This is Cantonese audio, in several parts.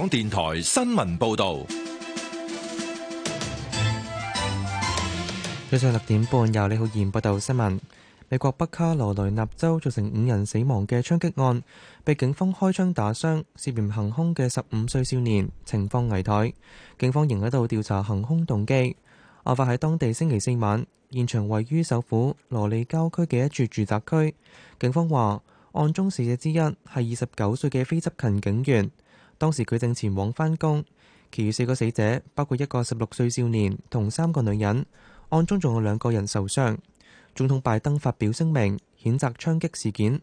港電台新聞報道，早上六點半由李浩然報道新聞。美國北卡羅來納州造成五人死亡嘅槍擊案，被警方開槍打傷，涉嫌行凶嘅十五歲少年情況危殆，警方仍喺度調查行凶動機。案發喺當地星期四晚，現場位於首府羅利郊區嘅一處住宅區。警方話案中死者之一係二十九歲嘅非執勤警員。當時佢正前往返工，其餘四個死者包括一個十六歲少年同三個女人，案中仲有兩個人受傷。總統拜登發表聲明，譴責槍擊事件，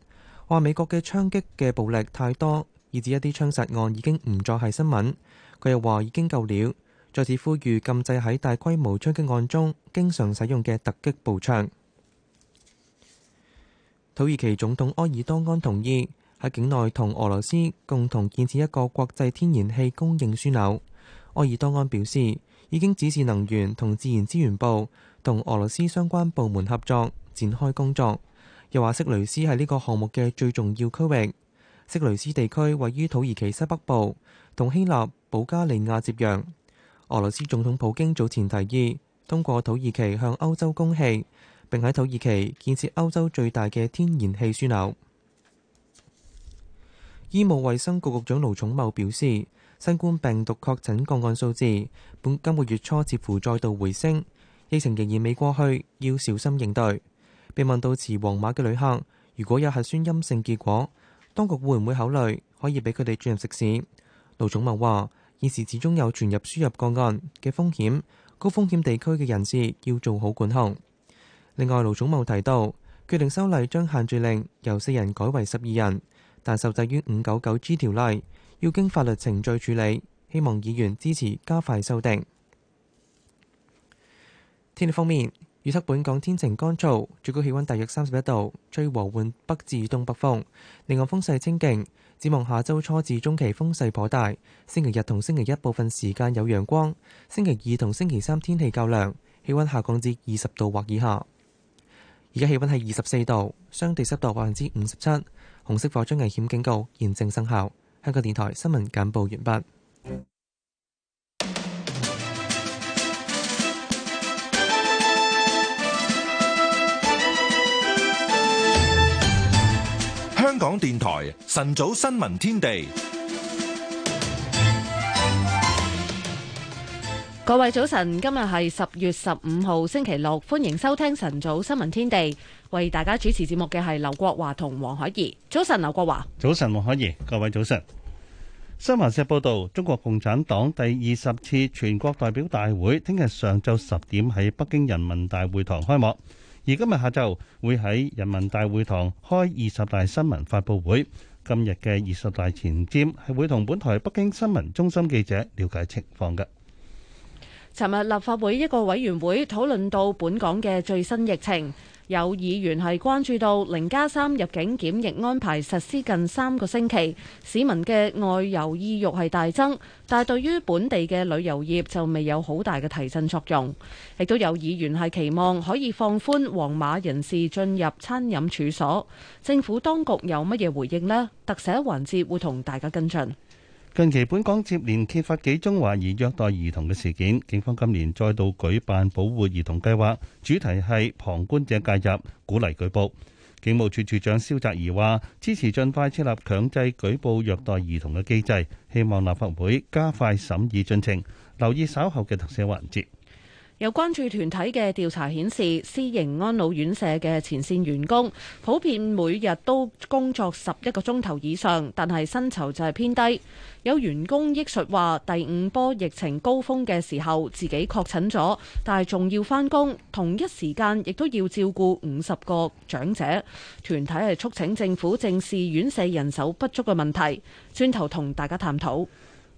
話美國嘅槍擊嘅暴力太多，以至一啲槍殺案已經唔再係新聞。佢又話已經夠了，再次呼籲禁制喺大規模槍擊案中經常使用嘅突擊步槍。土耳其總統埃爾多安同意。喺境內同俄羅斯共同建設一個國際天然氣供應樞紐。埃爾多安表示，已經指示能源同自然資源部同俄羅斯相關部門合作，展開工作。又話色雷斯係呢個項目嘅最重要區域。色雷斯地區位於土耳其西北部，同希臘、保加利亞接壤。俄羅斯總統普京早前提議，通過土耳其向歐洲供氣，並喺土耳其建設歐洲最大嘅天然氣樞紐。醫務衛生局局長盧寵茂表示，新冠病毒確診個案數字本今個月初似乎再度回升，疫情仍然未過去，要小心應對。被問到持黃碼嘅旅客如果有核酸陰性結果，當局會唔會考慮可以俾佢哋進入食肆？盧寵茂話現時始終有傳入輸入個案嘅風險，高風險地區嘅人士要做好管控。另外，盧寵茂提到決定修例將限聚令由四人改為十二人。但受制於五九九 G 條例，要經法律程序處理。希望議員支持加快修訂。天氣方面預測，本港天晴乾燥，最高氣溫大約三十一度，吹和緩北至東北風。另外風勢清勁，展望下周初至中期風勢頗大。星期日同星期一部分時間有陽光，星期二同星期三天氣較涼，氣温下降至二十度或以下。而家氣温係二十四度，相對濕度百分之五十七。紅色火災危險警告現正生效。香港電台新聞簡報完畢。香港電台晨早新聞天地。各位早晨，今日係十月十五號星期六，歡迎收聽晨早新聞天地。為大家主持節目嘅係劉國華同黃海怡。早晨，劉國華。早晨，黃海怡。各位早晨。新華社報道，中國共産黨第二十次全國代表大會聽日上晝十點喺北京人民大會堂開幕，而今日下晝會喺人民大會堂開二十大新聞發布會。今日嘅二十大前瞻係會同本台北京新聞中心記者了解情況嘅。尋日立法會一個委員會討論到本港嘅最新疫情，有議員係關注到零加三入境檢疫安排實施近三個星期，市民嘅外遊意欲係大增，但係對於本地嘅旅遊業就未有好大嘅提振作用。亦都有議員係期望可以放寬黃碼人士進入餐飲處所，政府當局有乜嘢回應呢？特寫環節會同大家跟進。近期本港接連揭發幾宗懷疑虐待兒童嘅事件，警方今年再度舉辦保護兒童計劃，主題係旁觀者介入，鼓勵舉報。警務處處長蕭澤頤話：支持盡快設立強制舉報虐待兒童嘅機制，希望立法會加快審議進程，留意稍後嘅特寫環節。有關注團體嘅調查顯示，私營安老院舍嘅前線員工普遍每日都工作十一個鐘頭以上，但係薪酬就係偏低。有員工憶述話，第五波疫情高峰嘅時候，自己確診咗，但係仲要翻工，同一時間亦都要照顧五十個長者。團體係促請政府正視院舍人手不足嘅問題，轉頭同大家探討。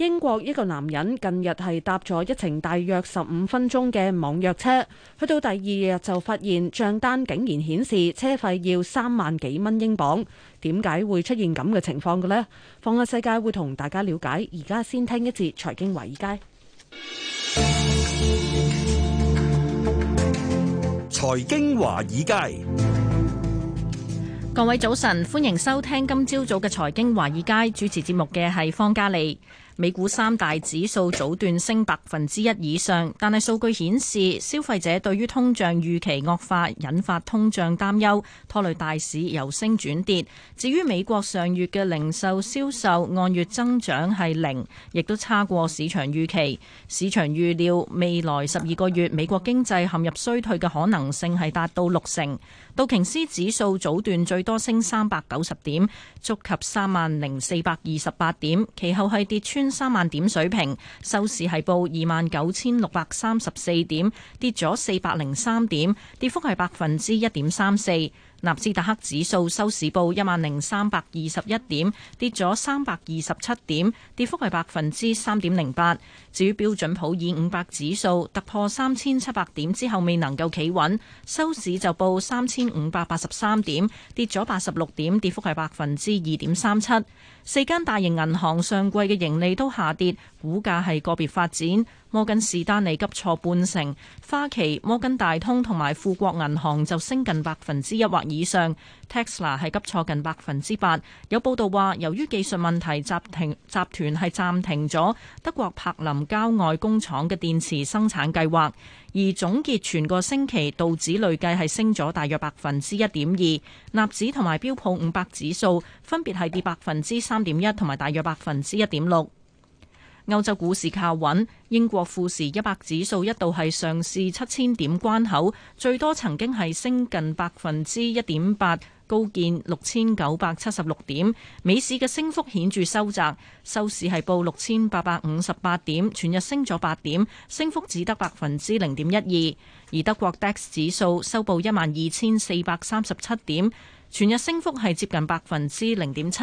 英國一個男人近日係搭咗一程大約十五分鐘嘅網約車，去到第二日就發現賬單竟然顯示車費要三萬幾蚊英鎊，點解會出現咁嘅情況嘅呢？放下世界會同大家了解，而家先聽一節財經華爾街。財經華爾街，各位早晨，歡迎收聽今朝早嘅財經華爾街，主持節目嘅係方嘉利。美股三大指數早段升百分之一以上，但係數據顯示消費者對於通脹預期惡化，引發通脹擔憂，拖累大市由升轉跌。至於美國上月嘅零售銷售按月增長係零，亦都差過市場預期。市場預料未來十二個月美國經濟陷入衰退嘅可能性係達到六成。道瓊斯指數早段最多升三百九十點，觸及三萬零四百二十八點，其後係跌穿三萬點水平，收市係報二萬九千六百三十四點，跌咗四百零三點，跌幅係百分之一點三四。納斯達克指數收市報一萬零三百二十一點，跌咗三百二十七點，跌幅係百分之三點零八。至於標準普爾五百指數突破三千七百點之後，未能夠企穩，收市就報三千五百八十三點，跌咗八十六點，跌幅係百分之二點三七。四間大型銀行上季嘅盈利都下跌，股價係個別發展。摩根士丹利急挫半成，花旗、摩根大通同埋富國銀行就升近百分之一或以上。Tesla 係急挫近百分之八。有報道話，由於技術問題，集團集團係暫停咗德國柏林郊外工廠嘅電池生產計劃。而總結全個星期，道指累計係升咗大約百分之一點二，納指同埋標普五百指數分別係跌百分之三點一同埋大約百分之一點六。歐洲股市靠穩，英國富時一百指數一度係上試七千點關口，最多曾經係升近百分之一點八。高見六千九百七十六點，美市嘅升幅顯著收窄，收市係報六千八百五十八點，全日升咗八點，升幅只得百分之零點一二。而德國 DAX 指數收報一萬二千四百三十七點，全日升幅係接近百分之零點七。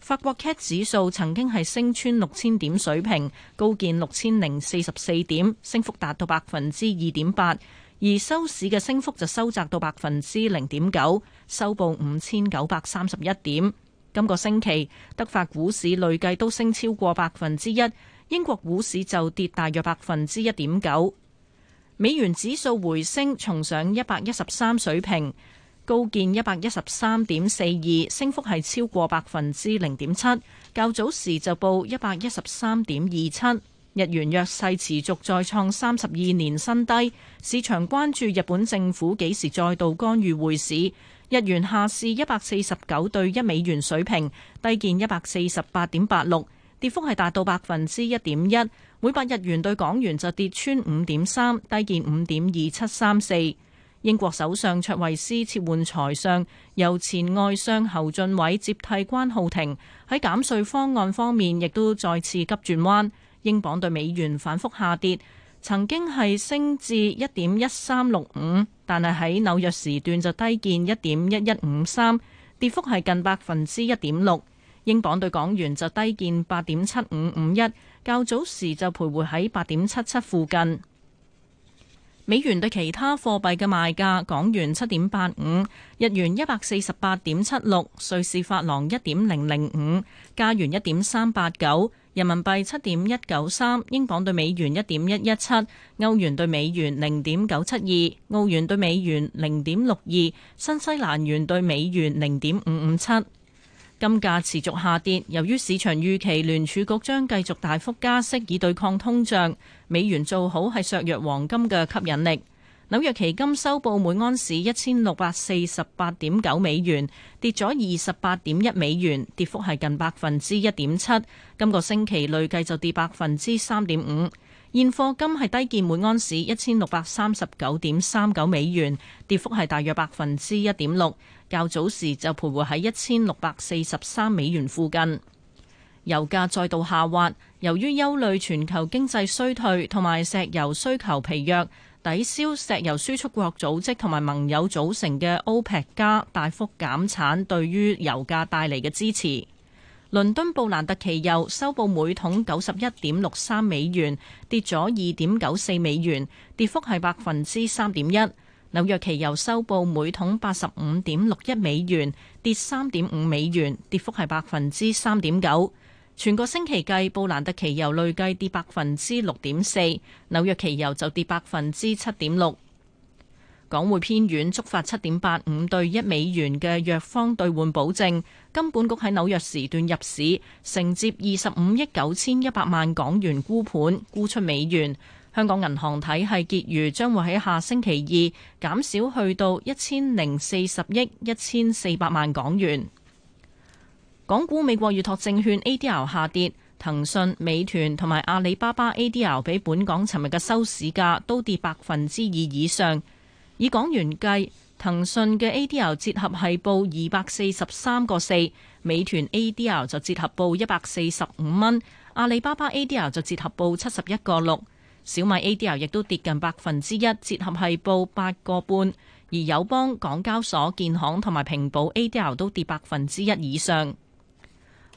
法國 CAC 指數曾經係升穿六千點水平，高見六千零四十四點，升幅達到百分之二點八。而收市嘅升幅就收窄到百分之零點九，收報五千九百三十一點。今個星期德法股市累計都升超過百分之一，英國股市就跌大約百分之一點九。美元指數回升，重上一百一十三水平，高見一百一十三點四二，升幅係超過百分之零點七。較早時就報一百一十三點二七。日元弱勢持續再創三十二年新低，市場關注日本政府幾時再度干預匯市。日元下市一百四十九對一美元水平，低見一百四十八點八六，跌幅係達到百分之一點一。每百日元對港元就跌穿五點三，低見五點二七三四。英國首相卓慧斯撤換財相，由前外相侯俊偉接替關浩庭。喺減稅方案方面，亦都再次急轉彎。英鎊兌美元反覆下跌，曾經係升至一點一三六五，但係喺紐約時段就低見一點一一五三，跌幅係近百分之一點六。英鎊兌港元就低見八點七五五一，較早時就徘徊喺八點七七附近。美元對其他貨幣嘅賣價：港元七點八五，日元一百四十八點七六，瑞士法郎一點零零五，加元一點三八九，人民幣七點一九三，英鎊對美元一點一一七，歐元對美元零點九七二，澳元對美元零點六二，新西蘭元對美元零點五五七。金價持續下跌，由於市場預期聯儲局將繼續大幅加息以對抗通脹，美元做好係削弱黃金嘅吸引力。紐約期金收報每安士一千六百四十八點九美元，跌咗二十八點一美元，跌幅係近百分之一點七。今、這個星期累計就跌百分之三點五。現貨金係低見每安士一千六百三十九點三九美元，跌幅係大約百分之一點六。較早時就徘徊喺一千六百四十三美元附近，油價再度下滑。由於憂慮全球經濟衰退同埋石油需求疲弱，抵消石油輸出國組織同埋盟友組成嘅歐佩克加大幅減產，對於油價帶嚟嘅支持。倫敦布蘭特期油收報每桶九十一點六三美元，跌咗二點九四美元，跌幅係百分之三點一。紐約期油收報每桶八十五點六一美元，跌三點五美元，跌幅係百分之三點九。全個星期計，布蘭特期油累計跌百分之六點四，紐約期油就跌百分之七點六。港匯偏軟，觸發七點八五對一美元嘅弱方兌換保證。金管局喺紐約時段入市，承接二十五億九千一百萬港元沽盤，沽出美元。香港銀行體系結餘將會喺下星期二減少去到一千零四十億一千四百萬港元。港股美國預託證券 A D R 下跌，騰訊、美團同埋阿里巴巴 A D R 比本港尋日嘅收市價都跌百分之二以上。以港元計，騰訊嘅 A D R 折合係報二百四十三個四，美團 A D R 就折合報一百四十五蚊，阿里巴巴 A D R 就折合報七十一個六。小米 ADR 亦都跌近百分之一，折合係報八個半。而友邦、港交所、建行同埋平保 ADR 都跌百分之一以上。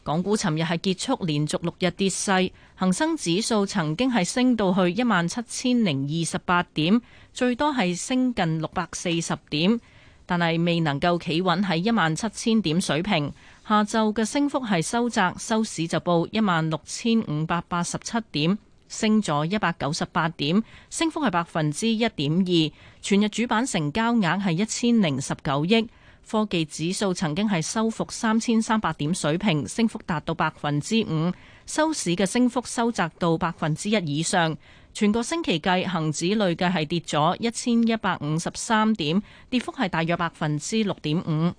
港股尋日係結束連續六日跌勢，恒生指數曾經係升到去一萬七千零二十八點，最多係升近六百四十點，但係未能夠企穩喺一萬七千點水平。下晝嘅升幅係收窄，收市就報一萬六千五百八十七點。升咗一百九十八點，升幅係百分之一點二。全日主板成交額係一千零十九億。科技指數曾經係收復三千三百點水平，升幅達到百分之五。收市嘅升幅收窄到百分之一以上。全個星期計，恒指累計係跌咗一千一百五十三點，跌幅係大約百分之六點五。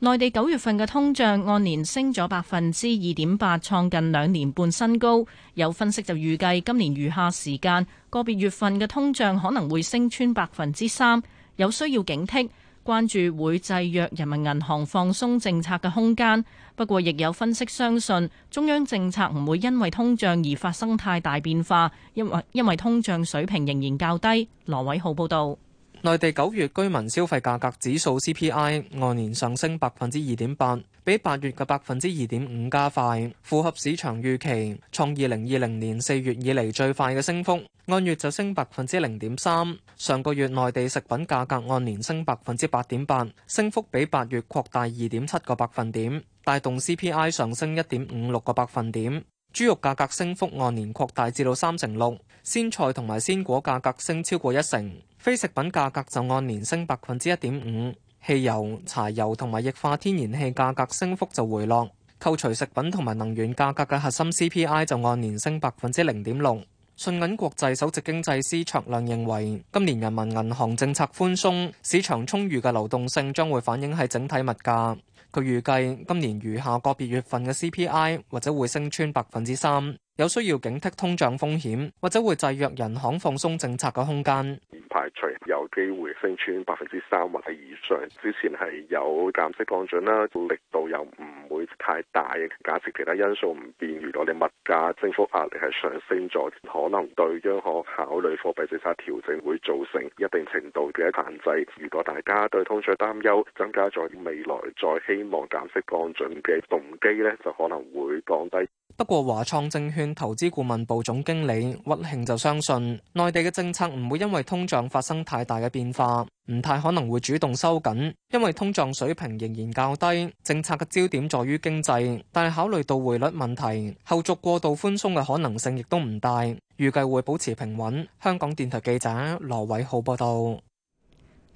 內地九月份嘅通脹按年升咗百分之二點八，創近兩年半新高。有分析就預計今年餘下時間，個別月份嘅通脹可能會升穿百分之三，有需要警惕，關注會制約人民銀行放鬆政策嘅空間。不過，亦有分析相信中央政策唔會因為通脹而發生太大變化，因為因為通脹水平仍然較低。羅偉浩報導。內地九月居民消費價格指數 CPI 按年上升百分之二點八，比八月嘅百分之二點五加快，符合市場預期，創二零二零年四月以嚟最快嘅升幅。按月就升百分之零點三。上個月內地食品價格按年升百分之八點八，升幅比八月擴大二點七個百分點，帶動 CPI 上升一點五六個百分點。豬肉價格升幅按年擴大至到三成六，鮮菜同埋鮮果價格升超過一成，非食品價格就按年升百分之一點五，汽油、柴油同埋液化天然氣價格升幅就回落。扣除食品同埋能源價格嘅核心 CPI 就按年升百分之零點六。信銀國際首席經濟師卓亮認為，今年人民銀行政策寬鬆，市場充裕嘅流動性將會反映喺整體物價。佢預計今年餘下個別月份嘅 CPI 或者會升穿百分之三。有需要警惕通脹風險，或者會制約人行放鬆政策嘅空間。唔排除有機會升穿百分之三或係以上。之前係有減息降準啦，力度又唔會太大。假設其他因素唔變，如果你物價升幅壓力係上升咗，可能對央行考慮貨幣政策調整會造成一定程度嘅限制。如果大家對通脹擔憂增加咗，未來再希望減息降準嘅動機呢，就可能會降低。不過華創證券投資顧問部總經理屈慶就相信，內地嘅政策唔會因為通脹發生太大嘅變化，唔太可能會主動收緊，因為通脹水平仍然較低，政策嘅焦點在於經濟。但係考慮到匯率問題，後續過度寬鬆嘅可能性亦都唔大，預計會保持平穩。香港電台記者羅偉浩報道，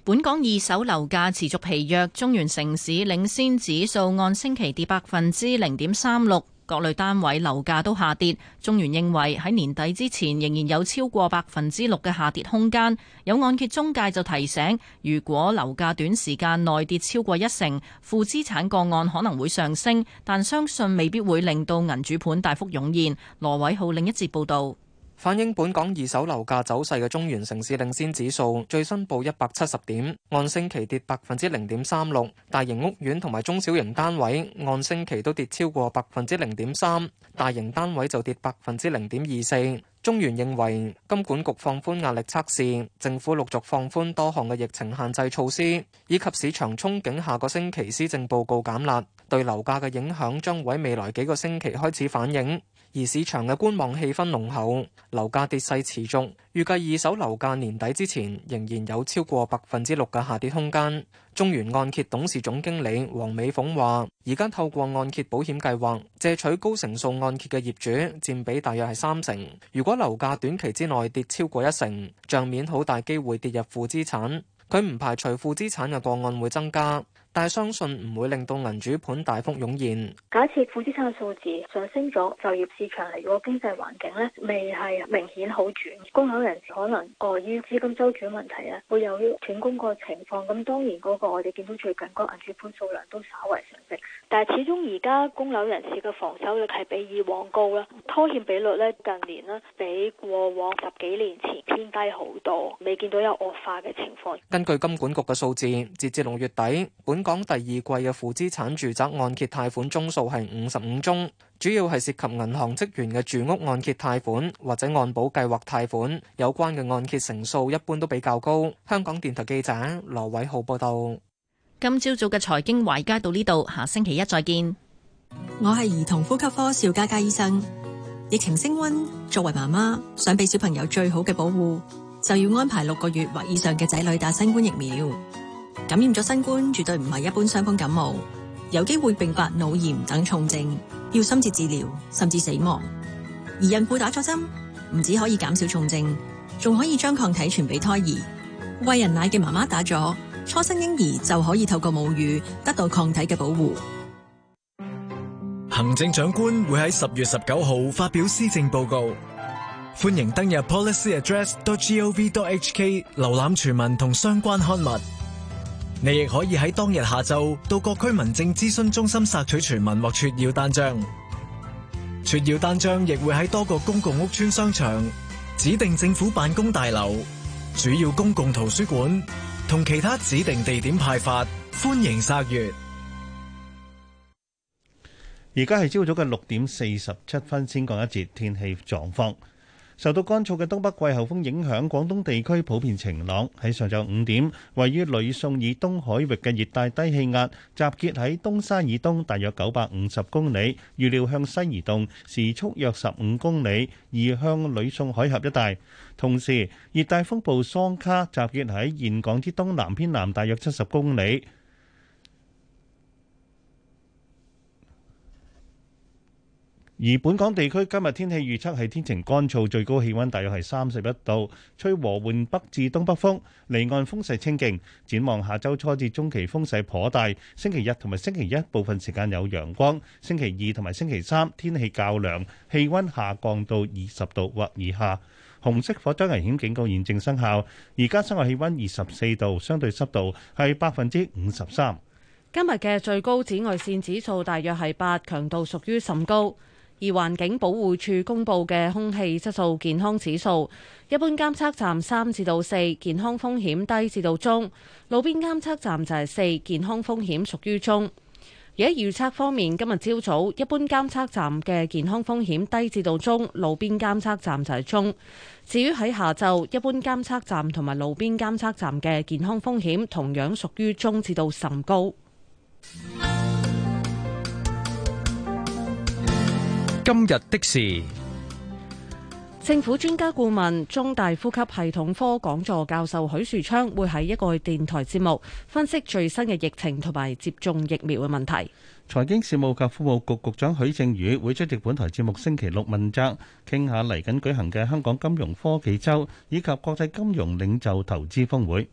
本港二手樓價持續疲弱，中原城市領先指數按星期跌百分之零點三六。各類單位樓價都下跌，中原認為喺年底之前仍然有超過百分之六嘅下跌空間。有按揭中介就提醒，如果樓價短時間內跌超過一成，負資產個案可能會上升，但相信未必會令到銀主盤大幅湧現。羅偉浩另一節報道。反映本港二手樓價走勢嘅中原城市領先指數最新報一百七十點，按星期跌百分之零點三六。大型屋苑同埋中小型單位按星期都跌超過百分之零點三，大型單位就跌百分之零點二四。中原認為金管局放寬壓力測試，政府陸續放寬多項嘅疫情限制措施，以及市場憧憬下個星期施政報告減辣，對樓價嘅影響將會喺未來幾個星期開始反映。而市場嘅觀望氣氛濃厚，樓價跌勢持續，預計二手樓價年底之前仍然有超過百分之六嘅下跌空間。中原按揭董事總經理黃美鳳話，而家透過按揭保險計劃借取高成數按揭嘅業主佔比大約係三成。如果樓價短期之內跌超過一成，帳面好大機會跌入負資產。佢唔排除負資產嘅個案會增加。但相信唔會令到銀主盤大幅湧現。假設負資產數字上升咗，就業市場嚟個經濟環境咧未係明顯好轉，供樓人士可能礙於資金周轉問題咧會有斷供個情況。咁當然嗰個我哋見到最近個銀主盤數量都稍為上升。但係，始終而家供樓人士嘅防守率係比以往高啦。拖欠比率呢近年呢比過往十幾年前偏低好多，未見到有惡化嘅情況。根據金管局嘅數字，截至六月底，本港第二季嘅負資產住宅按揭貸款宗數係五十五宗，主要係涉及銀行職員嘅住屋按揭貸款或者按保計劃貸款，有關嘅按揭成數一般都比較高。香港電台記者羅偉浩報道。今朝早嘅財經懷佳到呢度，下星期一再見。我係兒童呼吸科邵佳佳醫生。疫情升温，作為媽媽想俾小朋友最好嘅保護，就要安排六個月或以上嘅仔女打新冠疫苗。感染咗新冠絕對唔係一般傷風感冒，有機會併發腦炎等重症，要深切治療甚至死亡。而孕婦打咗針唔止可以減少重症，仲可以將抗體傳俾胎兒。喂人奶嘅媽媽打咗。初生嬰兒就可以透過母乳得到抗體嘅保護。行政長官會喺十月十九號發表施政報告，歡迎登入 policyaddress.gov.hk 瀏覽全文同相關刊物。你亦可以喺當日下晝到各區民政諮詢中心索取全文或撮要單張。撮要單張亦會喺多個公共屋邨、商場、指定政府辦公大樓、主要公共圖書館。同其他指定地點派發，歡迎殺月。而家係朝早嘅六點四十七分，先講一節天氣狀況。受到乾燥嘅東北季候風影響，廣東地區普遍晴朗。喺上晝五點，位於呂宋以東海域嘅熱帶低氣壓集結喺東沙以東大約九百五十公里，預料向西移動，時速約十五公里，移向呂宋海峽一帶。同時，熱帶風暴桑卡集結喺沿港之東南偏南大約七十公里。而本港地區今日天氣預測係天晴乾燥，最高氣溫大約係三十一度，吹和緩北至東北風，離岸風勢清勁。展望下周初至中期風勢頗大，星期日同埋星期一部分時間有陽光，星期二同埋星期三天氣較涼，氣溫下降到二十度或以下。紅色火災危險警告現正生效。而家室外氣溫二十四度，相對濕度係百分之五十三。今日嘅最高紫外線指數大約係八，強度屬於甚高。而環境保護署公布嘅空氣質素健康指數，一般監測站三至到四，健康風險低至到中；路邊監測站就係四，健康風險屬於中。而喺預測方面，今日朝早一般監測站嘅健康風險低至到中，路邊監測站就係中。至於喺下晝，一般監測站同埋路邊監測站嘅健康風險同樣屬於中至到甚高。今日的事，政府專家顧問、中大呼吸系統科講座教授許樹昌會喺一個電台節目分析最新嘅疫情同埋接種疫苗嘅問題。財經事務及服務局局長許正宇會出席本台節目星期六問責，傾下嚟緊舉行嘅香港金融科技周以及國際金融領袖投資峯會。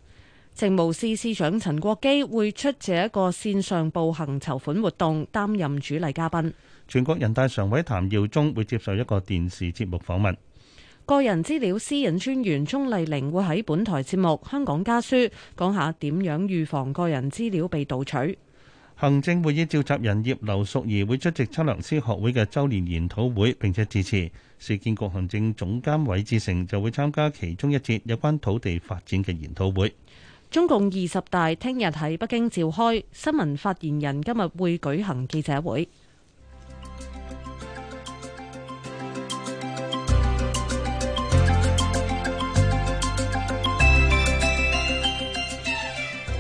政務司司長陳國基會出席一個線上步行籌款活動，擔任主禮嘉賓。全國人大常委譚耀宗會接受一個電視節目訪問。個人資料私隱專員鍾麗玲會喺本台節目《香港家書》講下點樣預防個人資料被盜取。行政會議召集人葉劉淑儀會出席測量師學會嘅周年研討會，並且致辭。市建局行政總監韋志成就會參加其中一節有關土地發展嘅研討會。中共二十大聽日喺北京召開，新聞發言人今日會舉行記者會。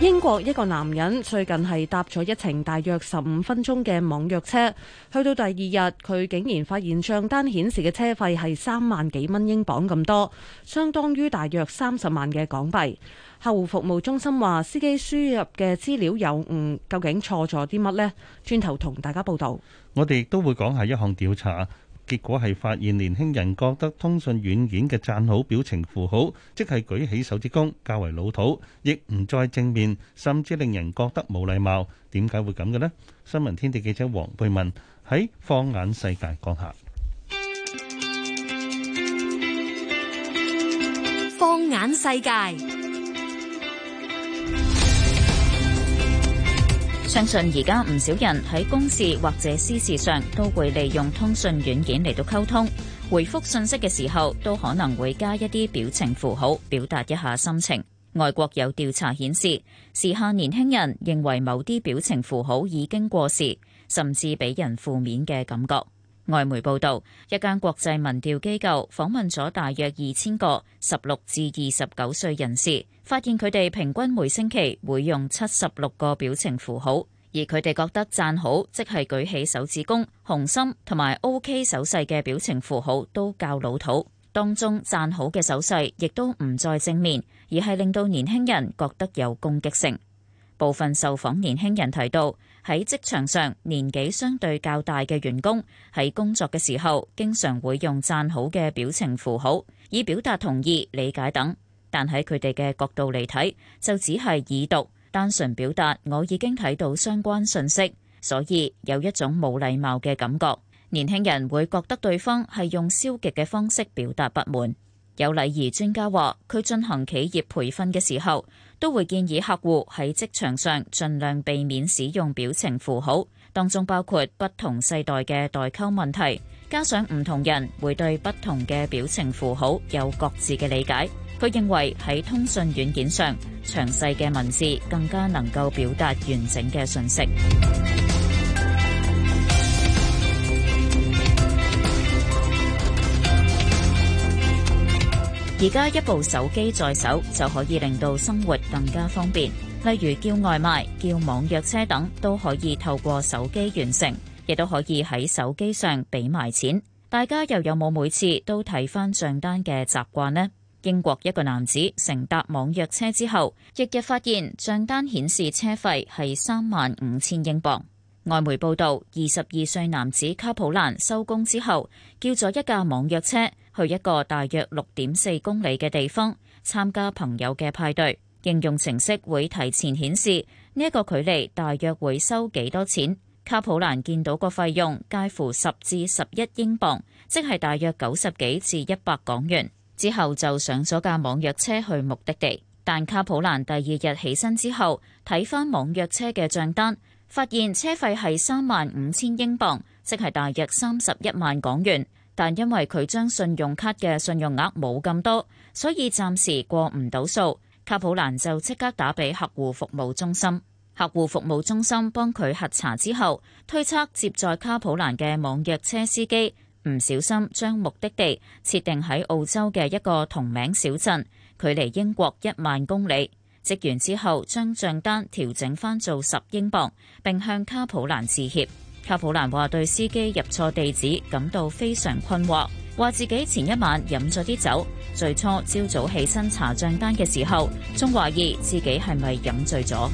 英國一個男人最近係搭咗一程大約十五分鐘嘅網約車，去到第二日，佢竟然發現賬單顯示嘅車費係三萬幾蚊英鎊咁多，相當於大約三十萬嘅港幣。客戶服務中心話司機輸入嘅資料有誤，究竟錯咗啲乜呢？轉頭同大家報道。我哋亦都會講下一項調查。結果係發現年輕人覺得通訊軟件嘅讚好表情符號，即係舉起手指公，較為老土，亦唔再正面，甚至令人覺得冇禮貌。點解會咁嘅呢？新聞天地記者黃佩文喺放眼世界講下。放眼世界。相信而家唔少人喺公事或者私事上都會利用通訊軟件嚟到溝通，回覆信息嘅時候都可能會加一啲表情符號，表達一下心情。外國有調查顯示，時下年輕人認為某啲表情符號已經過時，甚至俾人負面嘅感覺。外媒報道，一間國際民調機構訪問咗大約二千個十六至二十九歲人士，發現佢哋平均每星期會用七十六個表情符號，而佢哋覺得讚好即係舉起手指公、紅心同埋 O.K. 手勢嘅表情符號都較老土。當中讚好嘅手勢亦都唔再正面，而係令到年輕人覺得有攻擊性。部分受訪年輕人提到。喺職場上，年紀相對較大嘅員工，喺工作嘅時候，經常會用讚好嘅表情符號，以表達同意、理解等。但喺佢哋嘅角度嚟睇，就只係已讀，單純表達我已經睇到相關訊息，所以有一種冇禮貌嘅感覺。年輕人會覺得對方係用消極嘅方式表達不滿。有禮儀專家話，佢進行企業培訓嘅時候，都會建議客戶喺職場上盡量避免使用表情符號，當中包括不同世代嘅代溝問題，加上唔同人會對不同嘅表情符號有各自嘅理解。佢認為喺通訊軟件上，詳細嘅文字更加能夠表達完整嘅信息。而家一部手機在手就可以令到生活更加方便，例如叫外賣、叫網約車等都可以透過手機完成，亦都可以喺手機上俾埋錢。大家又有冇每次都睇返帳單嘅習慣呢？英國一個男子乘搭網約車之後，日日發現帳單顯示車費係三萬五千英鎊。外媒報道，二十二歲男子卡普蘭收工之後叫咗一架網約車。去一個大約六點四公里嘅地方參加朋友嘅派對，應用程式會提前顯示呢一個距離大約會收幾多錢。卡普蘭見到個費用介乎十至十一英鎊，即係大約九十幾至一百港元。之後就上咗架網約車去目的地，但卡普蘭第二日起身之後睇翻網約車嘅帳單，發現車費係三萬五千英鎊，即係大約三十一萬港元。但因為佢將信用卡嘅信用額冇咁多，所以暫時過唔到數。卡普蘭就即刻打俾客戶服務中心，客戶服務中心幫佢核查之後，推測接載卡普蘭嘅網約車司機唔小心將目的地設定喺澳洲嘅一個同名小鎮，距離英國一萬公里。職員之後將賬單調整翻做十英鎊並向卡普蘭致歉。卡普蘭話：對司機入錯地址感到非常困惑，話自己前一晚飲咗啲酒，最初朝早起身查賬單嘅時候，仲懷疑自己係咪飲醉咗。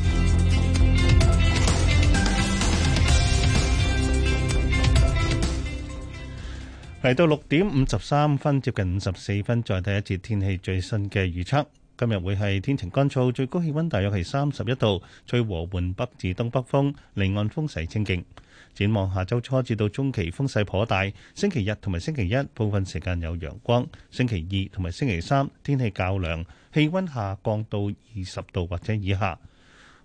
嚟到六點五十三分，接近五十四分，再睇一次天氣最新嘅預測。今日會係天晴乾燥，最高氣溫大約係三十一度，吹和緩北至東北風，離岸風勢清勁。展望下周初至到中期風勢頗大，星期日同埋星期一部分時間有陽光，星期二同埋星期三天氣較涼，氣温下降到二十度或者以下。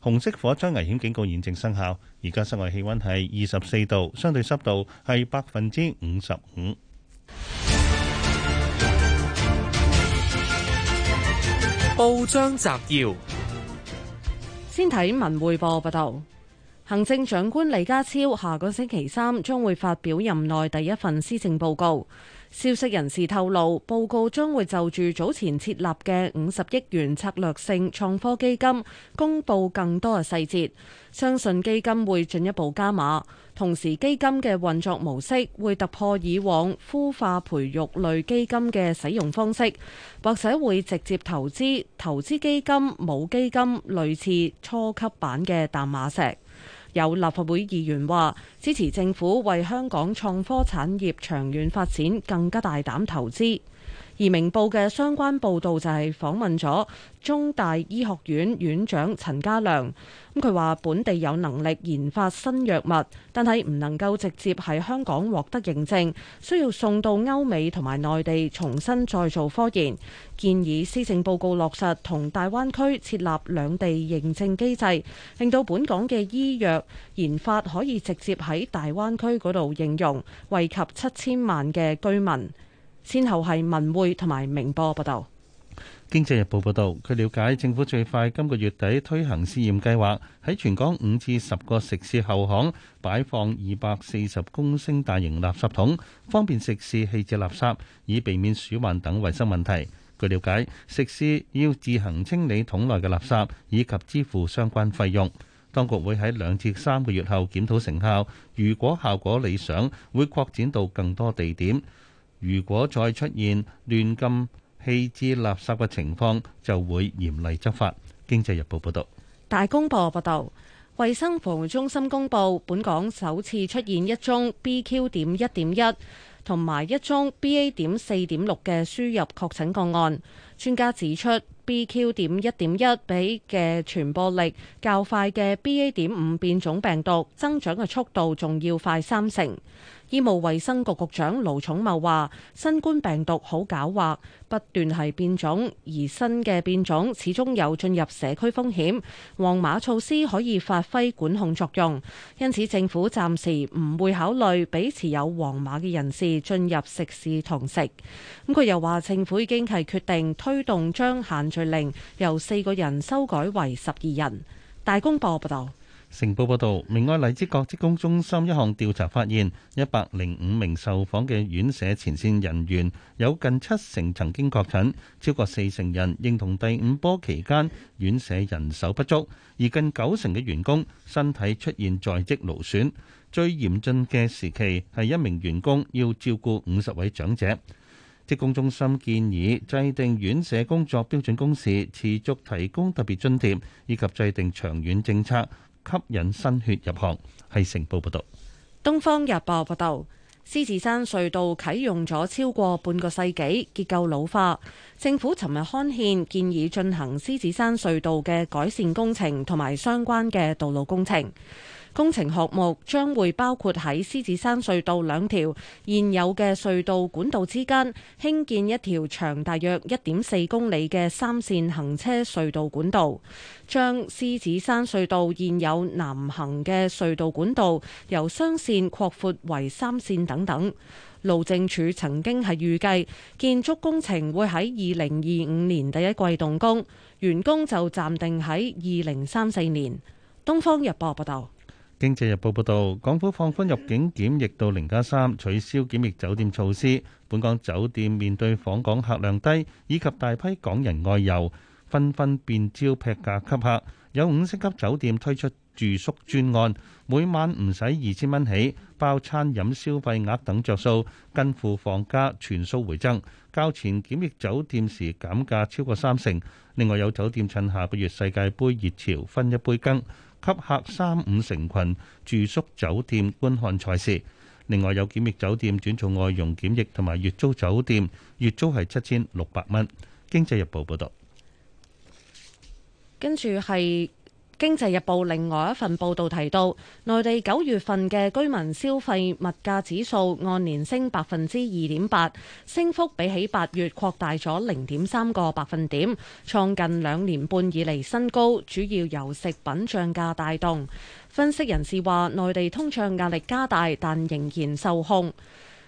紅色火災危險警告現正生效，而家室外氣温係二十四度，相對濕度係百分之五十五。報章摘要，先睇文匯報報道。行政長官李家超下個星期三將會發表任內第一份施政報告。消息人士透露，報告將會就住早前設立嘅五十億元策略性創科基金公佈更多嘅細節。相信基金會進一步加碼，同時基金嘅運作模式會突破以往孵化培育類基金嘅使用方式，或者會直接投資投資基金冇基金類似初級版嘅淡馬錫。有立法會議員話，支持政府為香港創科產業長遠發展更加大膽投資。而《明報》嘅相關報道就係訪問咗中大醫學院院長陳家良，咁佢話本地有能力研發新藥物，但係唔能夠直接喺香港獲得認證，需要送到歐美同埋內地重新再做科研。建議施政報告落實同大灣區設立兩地認證機制，令到本港嘅醫藥研發可以直接喺大灣區嗰度應用，惠及七千萬嘅居民。先後係文匯同埋明波報道，《經濟日報》報道，佢了解政府最快今個月底推行試驗計劃，喺全港五至十個食肆後巷擺放二百四十公升大型垃圾桶，方便食肆棄置垃圾，以避免鼠患等衛生問題。據了解，食肆要自行清理桶內嘅垃圾以及支付相關費用。當局會喺兩至三個月後檢討成效，如果效果理想，會擴展到更多地點。如果再出現亂咁棄置垃圾嘅情況，就會嚴厲執法。經濟日報報道，大公報報道，衛生防護中心公布，本港首次出現一宗 BQ. 點一點一同埋一宗 BA. 點四點六嘅輸入確診個案。專家指出，BQ. 點一點一比嘅傳播力較快嘅 BA. 點五變種病毒增長嘅速度仲要快三成。醫務衛生局局長盧寵茂話，新冠病毒好狡猾，不斷係變種，而新嘅變種始終有進入社區風險。黃碼措施可以發揮管控作用，因此政府暫時唔會考慮俾持有黃碼嘅人士進入食肆同食。咁佢又話，政府已經係決定推動將限聚令由四個人修改為十二人。大公報報道。成報報導，明愛荔枝角職工中心一項調查發現，一百零五名受訪嘅院舍前線人員有近七成曾經確診，超過四成人認同第五波期間院舍人手不足，而近九成嘅員工身體出現在職勞損。最嚴峻嘅時期係一名員工要照顧五十位長者。職工中心建議制定院舍工作標準工時，持續提供特別津貼，以及制定長遠政策。吸引新血入行，係成報報道。東方日報報道，獅子山隧道啟用咗超過半個世紀，結構老化，政府尋日刊憲建議進行獅子山隧道嘅改善工程同埋相關嘅道路工程。工程項目將會包括喺獅子山隧道兩條現有嘅隧道管道之間興建一條長大約一點四公里嘅三線行車隧道管道，將獅子山隧道現有南行嘅隧道管道由雙線擴闊，闊為三線等等。路政署曾經係預計建築工程會喺二零二五年第一季動工，完工就暫定喺二零三四年。《東方日報》報道。經濟日報報導，港府放寬入境檢疫到零加三，3，取消檢疫酒店措施。本港酒店面對訪港客量低，以及大批港人外遊，紛紛變招劈價吸客。有五星級酒店推出住宿專案，每晚唔使二千蚊起，包餐飲消費額等著數，跟付房價全數回贈，較前檢疫酒店時減價超過三成。另外有酒店趁下個月世界盃熱潮分一杯羹。吸客三五成群住宿酒店觀看賽事，另外有檢疫酒店轉做外傭檢疫，同埋月租酒店，月租係七千六百蚊。經濟日報報道。跟住係。經濟日報另外一份報道提到，內地九月份嘅居民消費物價指數按年升百分之二點八，升幅比起八月擴大咗零點三個百分點，創近兩年半以嚟新高，主要由食品漲價帶動。分析人士話，內地通脹壓力加大，但仍然受控。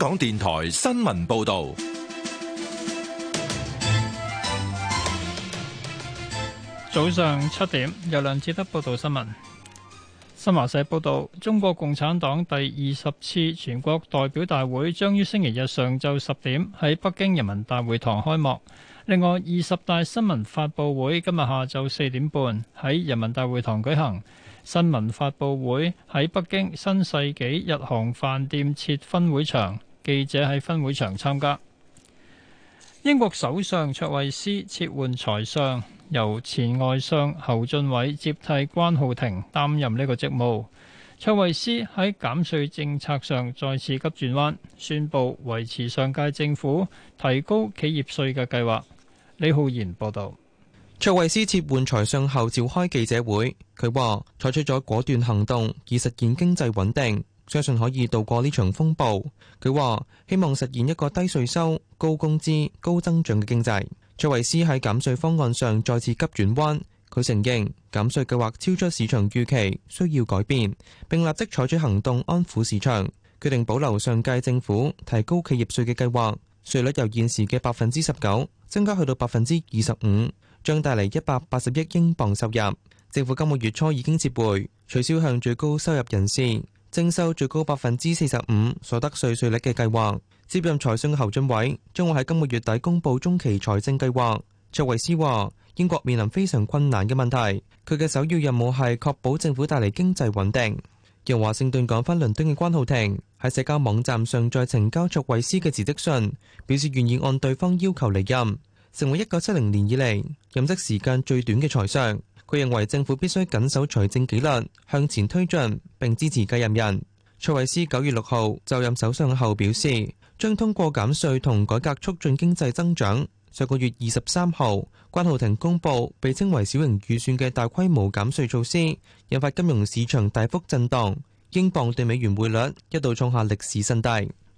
香港電台新聞報道，早上七點，由梁志德報道新聞。新華社報道，中國共產黨第二十次全國代表大會將於星期日上晝十點喺北京人民大會堂開幕。另外，二十大新聞發布會今日下晝四點半喺人民大會堂舉行。新聞發布會喺北京新世紀日航飯店設分會場。記者喺分會場參加。英國首相卓慧斯撤換財相，由前外相侯俊偉接替關浩庭擔任呢個職務。卓慧斯喺減稅政策上再次急轉彎，宣布維持上屆政府提高企業稅嘅計劃。李浩然報道。卓慧斯撤換財相後召開記者會，佢話採取咗果斷行動，以實現經濟穩定。相信可以渡過呢場風暴。佢話希望實現一個低稅收、高工資、高增長嘅經濟。蔡維斯喺減稅方案上再次急轉彎。佢承認減稅計劃超出市場預期，需要改變，並立即採取行動安撫市場。決定保留上屆政府提高企業稅嘅計劃，稅率由現時嘅百分之十九增加去到百分之二十五，將帶嚟一百八十億英鎊收入。政府今個月初已經撤回取消向最高收入人士，徵收最高百分之四十五所得稅稅率嘅計劃，接任財相嘅侯俊偉將會喺今個月底公布中期財政計劃。卓維斯話：英國面臨非常困難嘅問題，佢嘅首要任務係確保政府帶嚟經濟穩定。由華盛頓趕翻倫敦嘅關浩庭喺社交網站上再呈交卓維斯嘅辭職信，表示願意按對方要求離任，成為一九七零年以嚟任職時間最短嘅財相。佢認為政府必須緊守財政紀律，向前推進，並支持繼任人。蔡維斯九月六號就任首相後表示，將通過減稅同改革促進經濟增長。上個月二十三號，關浩庭公佈被稱為小型預算嘅大規模減稅措施，引發金融市場大幅震盪，英鎊兌美元匯率一度創下歷史新低。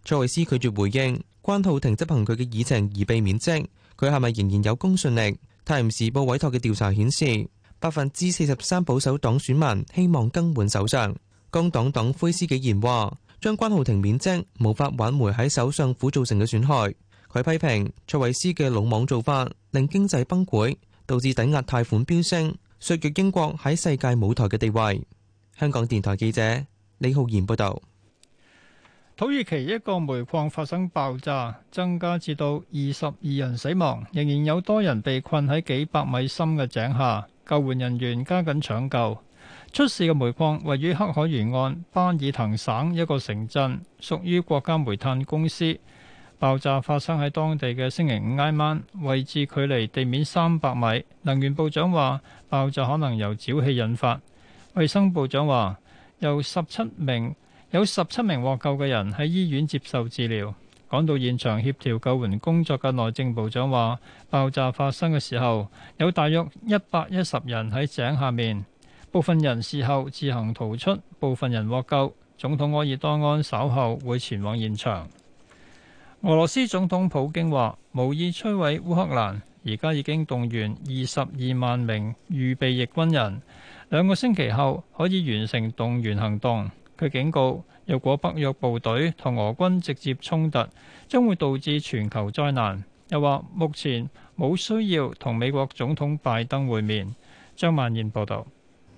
蔡維斯拒絕回應關浩庭執行佢嘅議程而被免職，佢係咪仍然有公信力？《泰晤士報》委託嘅調查顯示。百分之四十三保守黨選民希望更換首相，工黨黨魁施紀賢話將關浩庭免職，無法挽回喺首相府造成嘅損害。佢批評卓慧思嘅魯莽做法令經濟崩潰，導致抵押貸款飆升，削弱英國喺世界舞台嘅地位。香港電台記者李浩然報道。土耳其一個煤礦發生爆炸，增加至到二十二人死亡，仍然有多人被困喺幾百米深嘅井下，救援人員加緊搶救。出事嘅煤礦位於黑海沿岸巴爾滕省一個城鎮，屬於國家煤炭公司。爆炸發生喺當地嘅星期五挨晚，位置距離地面三百米。能源部長話爆炸可能由沼氣引發，衛生部長話有十七名。有十七名獲救嘅人喺醫院接受治療。趕到現場協調救援工作嘅內政部長話：爆炸發生嘅時候，有大約一百一十人喺井下面。部分人事後自行逃出，部分人獲救。總統埃爾多安稍後會前往現場。俄羅斯總統普京話：無意摧毀烏克蘭，而家已經動員二十二萬名預備役軍人，兩個星期後可以完成動員行動。佢警告：若果北約部隊同俄軍直接衝突，將會導致全球災難。又話目前冇需要同美國總統拜登會面。張萬燕報導。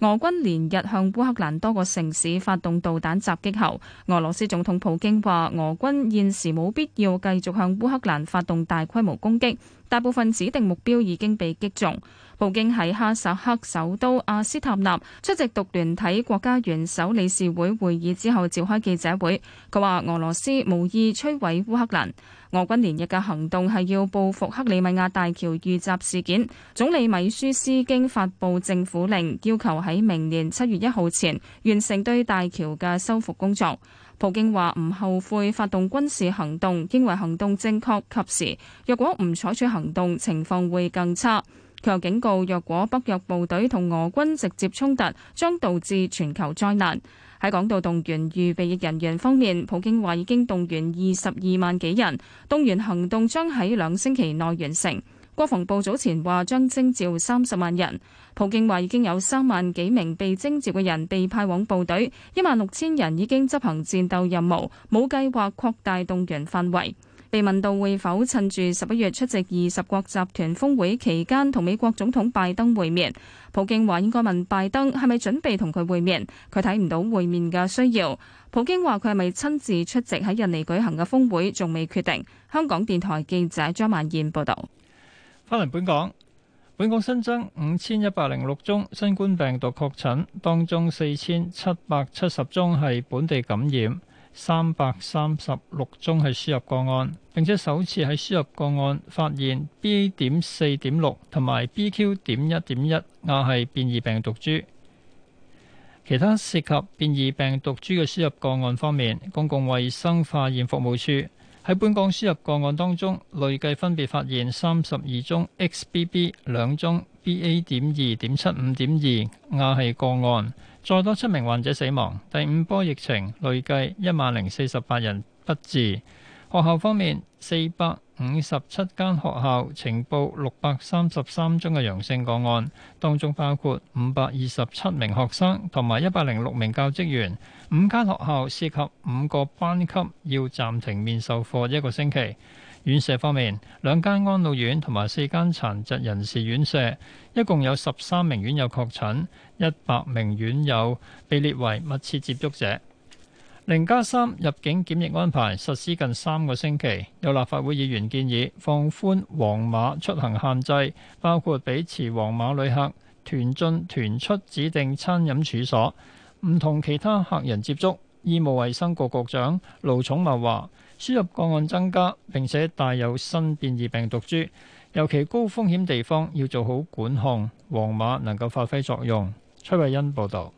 俄軍連日向烏克蘭多個城市發動導彈襲擊後，俄羅斯總統普京話，俄軍現時冇必要繼續向烏克蘭發動大規模攻擊，大部分指定目標已經被擊中。普京喺哈薩克首都阿斯塔納出席獨聯體國家元首理事會會議之後，召開記者會。佢話：俄羅斯無意摧毀烏克蘭，俄軍連日嘅行動係要報復克里米亞大橋遇襲事件。總理米舒斯京發布政府令，要求喺明年七月一號前完成對大橋嘅修復工作。普京話唔後悔發動軍事行動，因為行動正確及時。若果唔採取行動，情況會更差。佢警告，若果北約部隊同俄軍直接衝突，將導致全球災難。喺講到動員預備役人員方面，普京話已經動員二十二萬幾人，動員行動將喺兩星期內完成。國防部早前話將徵召三十萬人，普京話已經有三萬幾名被徵召嘅人被派往部隊，一萬六千人已經執行戰鬥任務，冇計劃擴大動員範圍。被問到會否趁住十一月出席二十國集團峰會期間同美國總統拜登會面，普京話應該問拜登係咪準備同佢會面，佢睇唔到會面嘅需要。普京話佢係咪親自出席喺印尼舉行嘅峰會仲未決定。香港電台記者張萬燕報導。翻嚟本港，本港新增五千一百零六宗新冠病毒確診，當中四千七百七十宗係本地感染。三百三十六宗係輸入個案，並且首次喺輸入個案發現 BA. 點四點六同埋 BQ. 點一點一亞系變異病毒株。其他涉及變異病毒株嘅輸入個案方面，公共衞生化驗服務處喺本港輸入個案當中，累計分別發現三十二宗 XBB，兩宗 BA. 點二點七五點二亞系個案。再多七名患者死亡，第五波疫情累計一萬零四十八人不治。學校方面，四百五十七間學校呈報六百三十三宗嘅陽性個案，當中包括五百二十七名學生同埋一百零六名教職員，五間學校涉及五個班級要暫停面授課一個星期。院舍方面，兩間安老院同埋四間殘疾人士院舍，一共有十三名院友確診，一百名院友被列為密切接觸者。零加三入境檢疫安排實施近三個星期，有立法會議員建議放寬黃碼出行限制，包括俾持黃碼旅客團進團出指定餐飲處所，唔同其他客人接觸。醫務衛生局局長盧寵茂話。輸入個案增加，並且帶有新變異病毒株，尤其高風險地方要做好管控。皇馬能夠發揮作用。崔慧欣報導。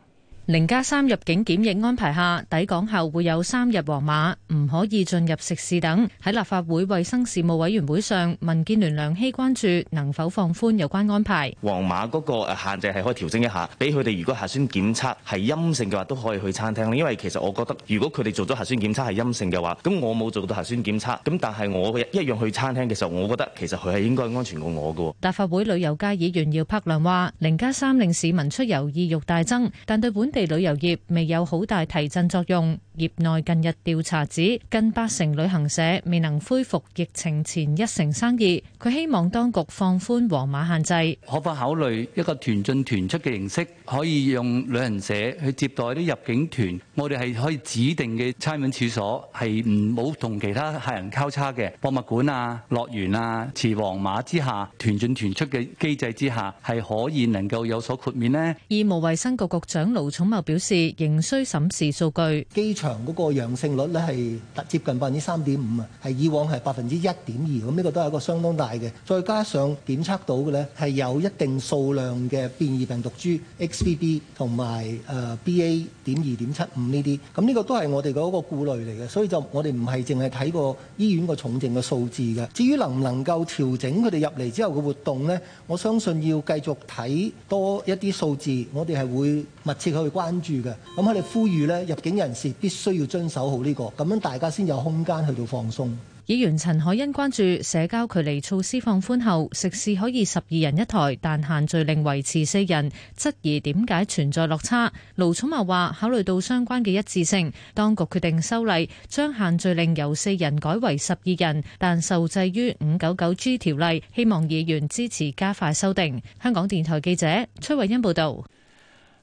零加三入境檢疫安排下，抵港後會有三日黃碼，唔可以進入食肆等。喺立法會衞生事務委員會上，民建聯梁熙關注能否放寬有關安排。黃碼嗰個誒限制係可以調整一下，俾佢哋如果核酸檢測係陰性嘅話，都可以去餐廳。因為其實我覺得，如果佢哋做咗核酸檢測係陰性嘅話，咁我冇做到核酸檢測，咁但係我一樣去餐廳嘅時候，我覺得其實佢係應該安全過我嘅。立法會旅遊界議員姚柏良話，零加三令市民出遊意欲大增，但對本地地旅遊業未有好大提振作用。業內近日調查指，近八成旅行社未能恢復疫情前一成生意。佢希望當局放寬黃碼限制，可否考慮一個團進團出嘅形式？可以用旅行社去接待啲入境團，我哋係可以指定嘅餐飲處所，係唔好同其他客人交叉嘅，博物館啊、樂園啊、持黃碼之下團進團出嘅機制之下，係可以能夠有所豁免呢？醫務衛生局局長盧寵茂表示，仍需審視數據機場嗰個陽性率咧係達接近百分之三點五啊，係以往係百分之一點二，咁呢個都係一個相當大嘅。再加上檢測到嘅咧係有一定數量嘅變異病毒株 XBB 同埋誒 BA 點二點七五呢啲，咁呢個都係我哋嗰個顧慮嚟嘅。所以就我哋唔係淨係睇個醫院個重症嘅數字嘅。至於能唔能夠調整佢哋入嚟之後嘅活動呢，我相信要繼續睇多一啲數字，我哋係會密切去關注嘅。咁我哋呼籲呢入境人士必須需要遵守好呢個，咁樣大家先有空間去到放鬆。議員陳海欣關注社交距離措施放寬後，食肆可以十二人一台，但限聚令維持四人，質疑點解存在落差。盧寵茂話考慮到相關嘅一致性，當局決定修例，將限聚令由四人改為十二人，但受制於五九九 G 條例，希望議員支持加快修訂。香港電台記者崔慧欣報道。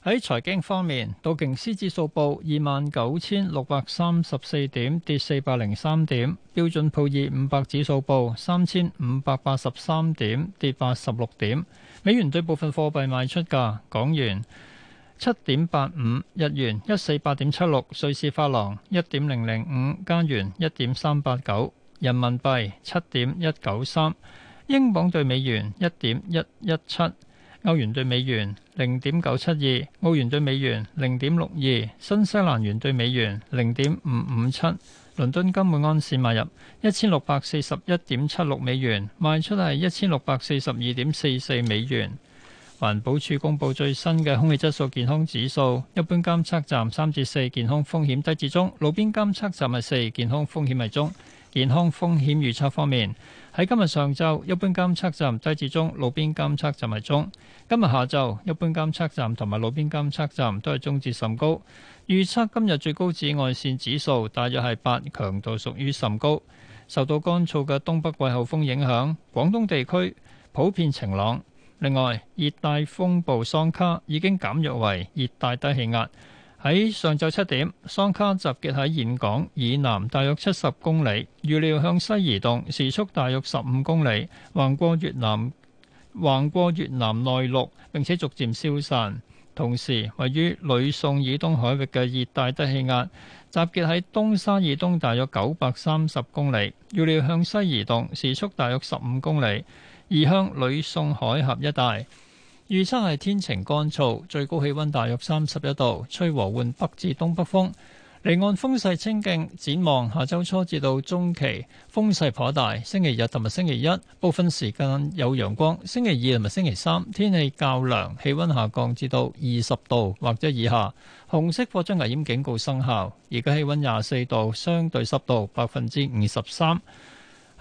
喺財經方面，道瓊斯指數報二萬九千六百三十四點，跌四百零三點；標準普爾五百指數報三千五百八十三點，跌八十六點。美元對部分貨幣賣出價：港元七點八五，日元一四八點七六，瑞士法郎一點零零五，加元一點三八九，人民幣七點一九三，英鎊對美元一點一一七。歐元對美元零點九七二，澳元對美元零點六二，新西蘭元對美元零點五五七。倫敦金會安市買入一千六百四十一點七六美元，賣出係一千六百四十二點四四美元。環保署公布最新嘅空氣質素健康指數，一般監測站三至四健康風險低至中，路邊監測站係四健康風險係中。健康風險預測方面，喺今日上晝，一般監測站低至中，路邊監測站係中。今日下晝，一般監測站同埋路邊監測站都係中至甚高。預測今日最高紫外線指數大約係八，強度屬於甚高。受到乾燥嘅東北季候風影響，廣東地區普遍晴朗。另外，熱帶風暴桑卡已經減弱為熱帶低氣壓。喺上晝七點，桑卡集結喺峴港以南大約七十公里，預料向西移動，時速大約十五公里，橫過越南。橫過越南內陸，並且逐漸消散。同時，位於呂宋以東海域嘅熱帶低氣壓集結喺東沙以東大約九百三十公里，預料向西移動，時速大約十五公里，移向呂宋海峽一帶。預測係天晴乾燥，最高氣溫大約三十一度，吹和緩北至東北風。離岸風勢清勁，展望下周初至到中期風勢頗大。星期日同埋星期一部分時間有陽光，星期二同埋星期三天氣較涼，氣溫下降至到二十度或者以下。紅色火災危險警告生效，而家氣溫廿四度，相對濕度百分之五十三。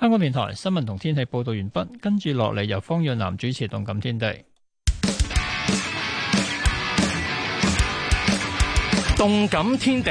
香港電台新聞同天氣報道完畢，跟住落嚟由方潤南主持《動感天地》。《動感天地》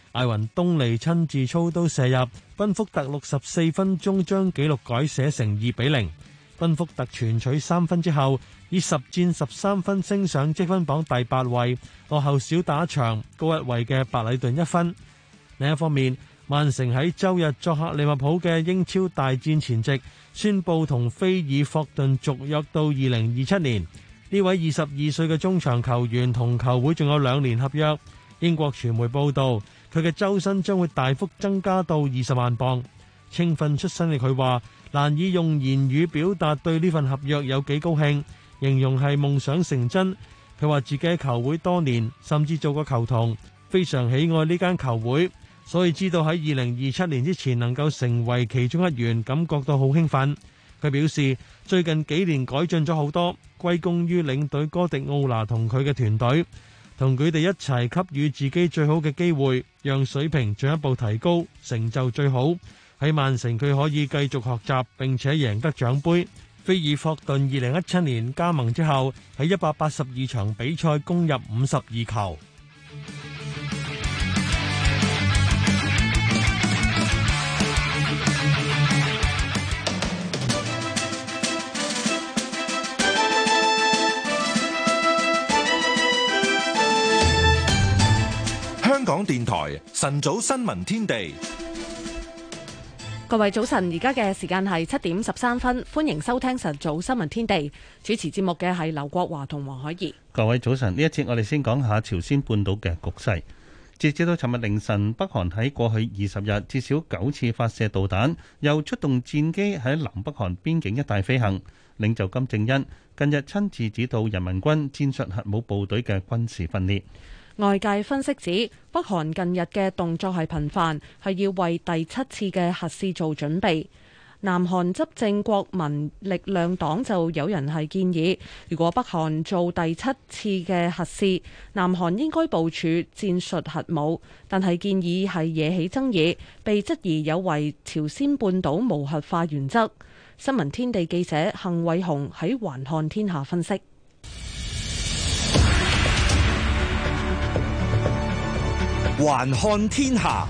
艾雲東尼親自操刀射入，賓福特六十四分鐘將紀錄改寫成二比零。賓福特全取三分之後，以十戰十三分升上積分榜第八位，落後少打場高一位嘅白禮頓一分。另一方面，曼城喺周日作客利物浦嘅英超大戰前夕，宣布同菲爾霍頓續約到二零二七年。呢位二十二歲嘅中場球員同球會仲有兩年合約。英國傳媒報道。佢嘅周薪將會大幅增加到二十萬鎊。青訓出身嘅佢話，難以用言語表達對呢份合約有幾高興，形容係夢想成真。佢話自己喺球會多年，甚至做過球童，非常喜愛呢間球會，所以知道喺二零二七年之前能夠成為其中一員，感覺到好興奮。佢表示，最近幾年改進咗好多，歸功於領隊哥迪奧拿同佢嘅團隊。同佢哋一齊給予自己最好嘅機會，讓水平進一步提高，成就最好。喺曼城佢可以繼續學習並且贏得獎杯。菲爾霍頓二零一七年加盟之後，喺一百八十二場比賽攻入五十二球。香港電台晨早新聞天地，各位早晨，而家嘅時間係七點十三分，歡迎收聽晨早新聞天地。主持節目嘅係劉國華同黃海怡。各位早晨，呢一節我哋先講下朝鮮半島嘅局勢。截至到尋日凌晨，北韓喺過去二十日至少九次發射導彈，又出動戰機喺南北韓邊境一帶飛行。領袖金正恩近日親自指導人民軍戰術核武部隊嘅軍事訓練。外界分析指，北韓近日嘅動作係頻繁，係要為第七次嘅核試做準備，南韓執政國民力量黨就有人係建議，如果北韓做第七次嘅核試，南韓應該部署戰術核武，但係建議係惹起爭議，被質疑有違朝鮮半島無核化原則，新聞天地記者幸偉雄喺環看天下分析。環看天下，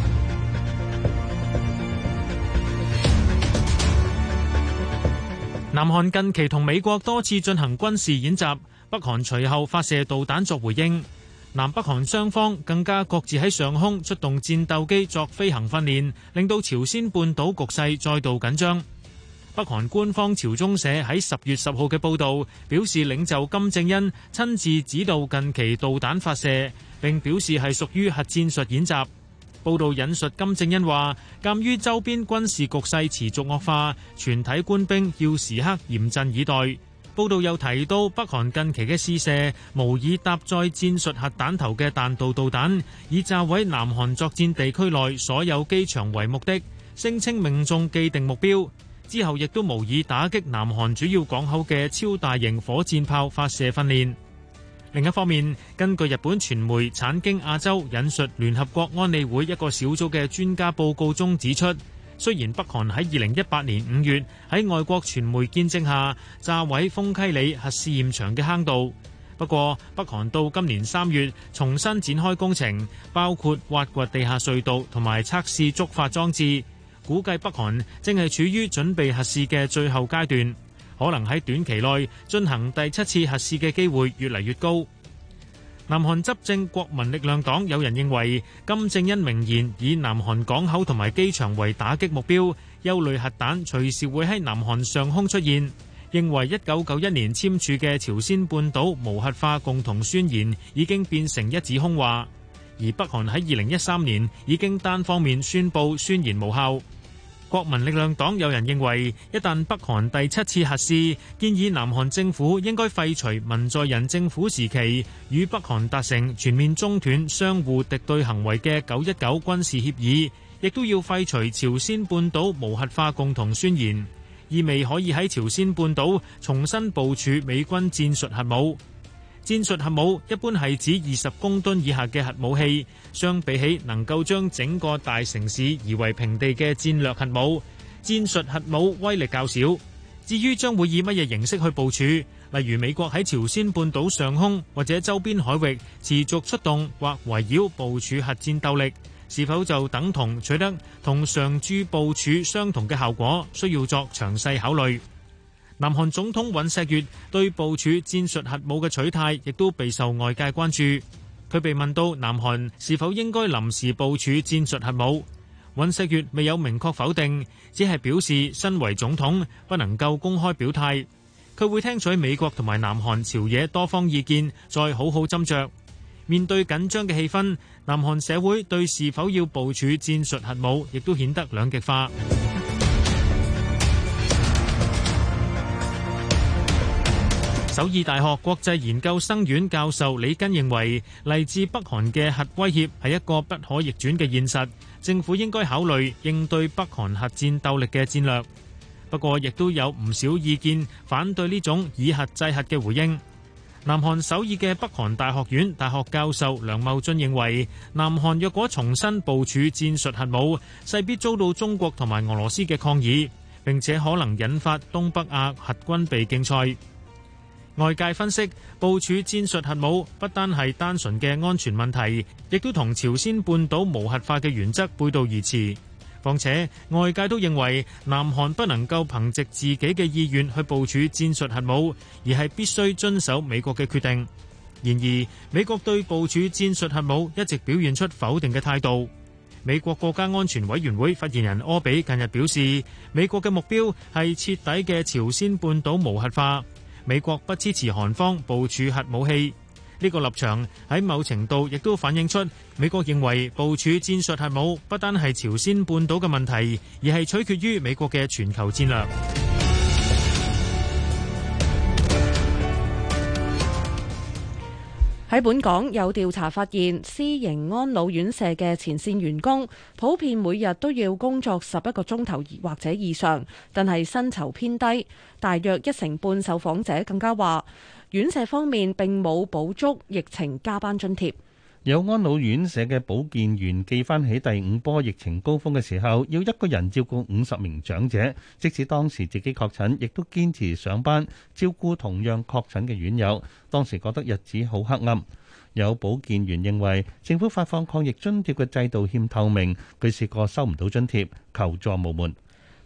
南韓近期同美國多次進行軍事演習，北韓隨後發射導彈作回應。南北韓雙方更加各自喺上空出動戰鬥機作飛行訓練，令到朝鮮半島局勢再度緊張。北韓官方朝中社喺十月十號嘅報導表示，領袖金正恩親自指導近期導彈發射，並表示係屬於核戰術演習。報導引述金正恩話，鑑於周邊軍事局勢持續惡化，全體官兵要時刻嚴陣以待。報導又提到，北韓近期嘅試射模擬搭載戰術核彈頭嘅彈道導彈，以炸毀南韓作戰地區內所有機場為目的，聲稱命中既定目標。之後亦都模擬打擊南韓主要港口嘅超大型火箭炮發射訓練。另一方面，根據日本傳媒產經亞洲引述聯合國安理會一個小組嘅專家報告中指出，雖然北韓喺二零一八年五月喺外國傳媒見證下炸毀豐溪里核試驗場嘅坑道，不過北韓到今年三月重新展開工程，包括挖掘地下隧道同埋測試觸發裝置。估計北韓正係處於準備核試嘅最後階段，可能喺短期內進行第七次核試嘅機會越嚟越高。南韓執政國民力量黨有人認為金正恩明言以南韓港口同埋機場為打擊目標，憂慮核彈隨時會喺南韓上空出現，認為一九九一年簽署嘅朝鮮半島無核化共同宣言已經變成一紙空話。而北韓喺二零一三年已經單方面宣佈宣言無效。國民力量黨有人認為，一旦北韓第七次核試，建議南韓政府應該廢除文在寅政府時期與北韓達成全面中斷相互敵對行為嘅九一九軍事協議，亦都要廢除朝鮮半島無核化共同宣言，意味可以喺朝鮮半島重新部署美軍戰術核武。戰術核武一般係指二十公噸以下嘅核武器，相比起能夠將整個大城市夷為平地嘅戰略核武，戰術核武威力較少。至於將會以乜嘢形式去部署，例如美國喺朝鮮半島上空或者周邊海域持續出動或圍繞部署核戰鬥力，是否就等同取得同常駐部署相同嘅效果，需要作詳細考慮。南韓總統尹錫悅對部署戰術核武嘅取態，亦都備受外界關注。佢被問到南韓是否應該臨時部署戰術核武，尹錫悅未有明確否定，只係表示身為總統不能夠公開表態。佢會聽取美國同埋南韓朝野多方意見，再好好斟酌。面對緊張嘅氣氛，南韓社會對是否要部署戰術核武，亦都顯得兩極化。首爾大學國際研究生院教授李根認為，嚟自北韓嘅核威脅係一個不可逆轉嘅現實，政府應該考慮應對北韓核戰鬥力嘅戰略。不過，亦都有唔少意見反對呢種以核制核嘅回應。南韓首爾嘅北韓大學院大學教授梁茂俊認為，南韓若果重新部署戰術核武，勢必遭到中國同埋俄羅斯嘅抗議，並且可能引發東北亞核軍備競賽。外界分析部署戰術核武不單係單純嘅安全問題，亦都同朝鮮半島無核化嘅原則背道而馳。況且外界都認為南韓不能夠憑借自己嘅意願去部署戰術核武，而係必須遵守美國嘅決定。然而美國對部署戰術核武一直表現出否定嘅態度。美國國家安全委員會發言人柯比近日表示，美國嘅目標係徹底嘅朝鮮半島無核化。美國不支持韓方部署核武器，呢個立場喺某程度亦都反映出美國認為部署戰術核武不單係朝鮮半島嘅問題，而係取決於美國嘅全球戰略。喺本港有調查發現，私營安老院舍嘅前線員工普遍每日都要工作十一個鐘頭或者以上，但係薪酬偏低。大約一成半受訪者更加話，院舍方面並冇補足疫情加班津貼。有安老院舍嘅保健員記翻起第五波疫情高峰嘅時候，要一個人照顧五十名長者，即使當時自己確診，亦都堅持上班照顧同樣確診嘅院友。當時覺得日子好黑暗。有保健員認為政府發放抗疫津貼嘅制度欠透明，佢試過收唔到津貼，求助無門。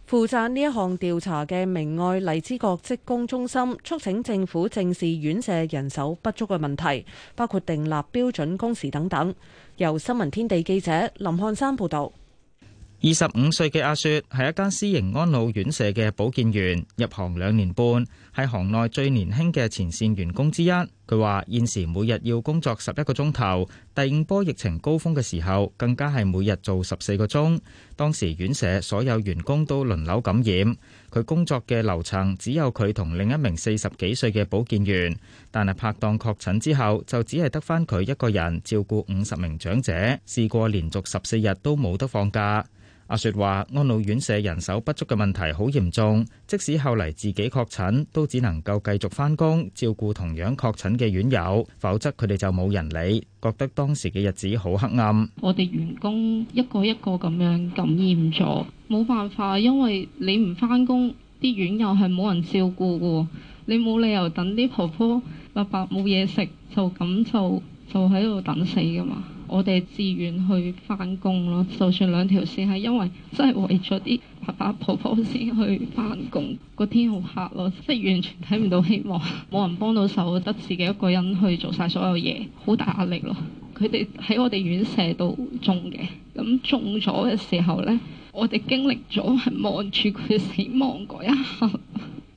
負責呢一項調查嘅明愛荔枝角職工中心促請政府正視院舍人手不足嘅問題，包括訂立標準工時等等。由新聞天地記者林漢山報導。二十五歲嘅阿雪係一間私營安老院舍嘅保健員，入行兩年半，係行內最年輕嘅前線員工之一。佢話：現時每日要工作十一個鐘頭，第五波疫情高峰嘅時候更加係每日做十四個鐘。當時院舍所有員工都輪流感染，佢工作嘅樓層只有佢同另一名四十幾歲嘅保健員，但係拍檔確診之後就只係得返佢一個人照顧五十名長者，試過連續十四日都冇得放假。阿雪話：安老院舍人手不足嘅問題好嚴重，即使後嚟自己確診，都只能夠繼續返工照顧同樣確診嘅院友，否則佢哋就冇人理。覺得當時嘅日子好黑暗。我哋員工一個一個咁樣感染咗，冇辦法，因為你唔返工，啲院友係冇人照顧嘅，你冇理由等啲婆婆伯伯冇嘢食就咁就就喺度等死㗎嘛。我哋自願去翻工咯，就算兩條線係因為真係為咗啲爸爸婆婆先去翻工，個天好黑咯，即係完全睇唔到希望，冇人幫到手，得自己一個人去做晒所有嘢，好大壓力咯。佢哋喺我哋院舍度種嘅，咁種咗嘅時候呢，我哋經歷咗係望住佢死亡嗰一刻。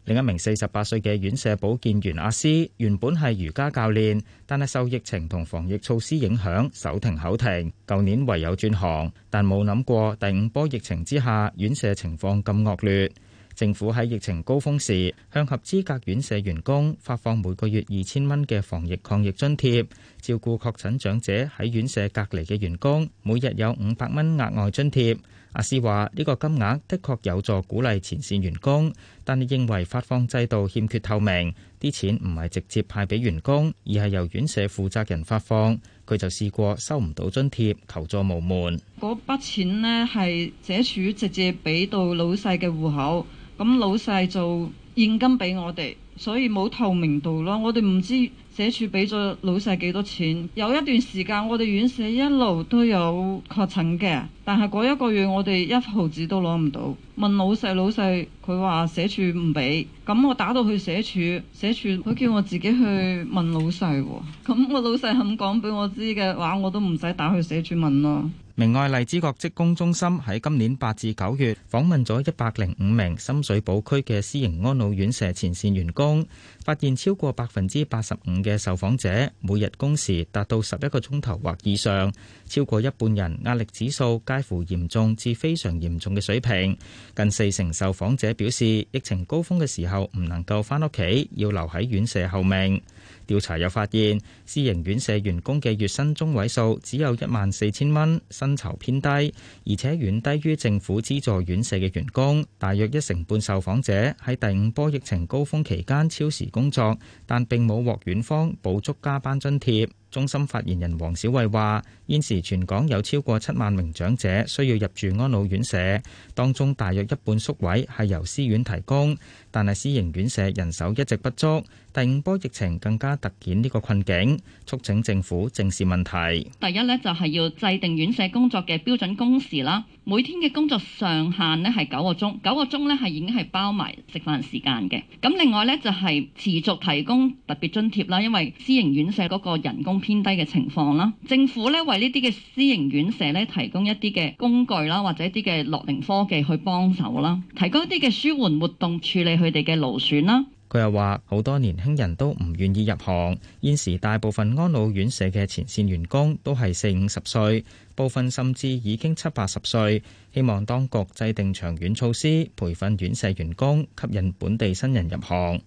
另一名四十八歲嘅院舍保健員阿斯，原本係瑜伽教練，但係受疫情同防疫措施影響，手停口停。舊年唯有轉行，但冇諗過第五波疫情之下，院舍情況咁惡劣。政府喺疫情高峰時，向合資格院舍員，員工發放每個月二千蚊嘅防疫抗疫津貼，照顧確診長者喺院舍隔離嘅員工，每日有五百蚊額外津貼。阿斯話，呢個金額的確有助鼓勵前線員工，但你認為發放制度欠缺透明，啲錢唔係直接派俾員工，而係由院舍負責人發放。佢就試過收唔到津貼，求助無門。嗰筆錢呢，係社署直接俾到老細嘅戶口，咁老細就現金俾我哋，所以冇透明度咯。我哋唔知社署俾咗老細幾多錢，有一段時間我哋院舍一路都有確診嘅。但係嗰一個月我哋一毫子都攞唔到，問老細老細，佢話社署唔俾。咁我打到去社署，社署佢叫我自己去問老細喎，咁我老細肯講俾我知嘅話，我都唔使打去社署問咯。明愛荔枝角職工中心喺今年八至九月訪問咗一百零五名深水埗區嘅私營安老院社前線員工，發現超過百分之八十五嘅受訪者每日工時達到十一個鐘頭或以上，超過一半人壓力指數乎嚴重至非常嚴重嘅水平，近四成受訪者表示，疫情高峰嘅時候唔能夠返屋企，要留喺院舍候命。調查又發現，私營院舍員工嘅月薪中位數只有一萬四千蚊，薪酬偏低，而且遠低於政府資助院舍嘅員工。大約一成半受訪者喺第五波疫情高峰期間超時工作，但並冇獲院方補足加班津貼。中心發言人黃小慧話：現時全港有超過七萬名長者需要入住安老院舍，當中大約一半宿位係由私院提供，但係私營院舍人手一直不足，第五波疫情更加突顯呢個困境。促請政府正視問題。第一呢就係、是、要制定院舍工作嘅標準工時啦，每天嘅工作上限呢係九個鐘，九個鐘呢係已經係包埋食飯時間嘅。咁另外呢，就係、是、持續提供特別津貼啦，因為私營院舍嗰個人工偏低嘅情況啦，政府呢，為呢啲嘅私營院舍呢提供一啲嘅工具啦，或者一啲嘅樂齡科技去幫手啦，提供一啲嘅舒緩活動處理佢哋嘅勞損啦。佢又話：好多年輕人都唔願意入行，現時大部分安老院舍嘅前線員工都係四五十歲，部分甚至已經七八十歲。希望當局制定長遠措施，培訓院舍員工，吸引本地新人入行。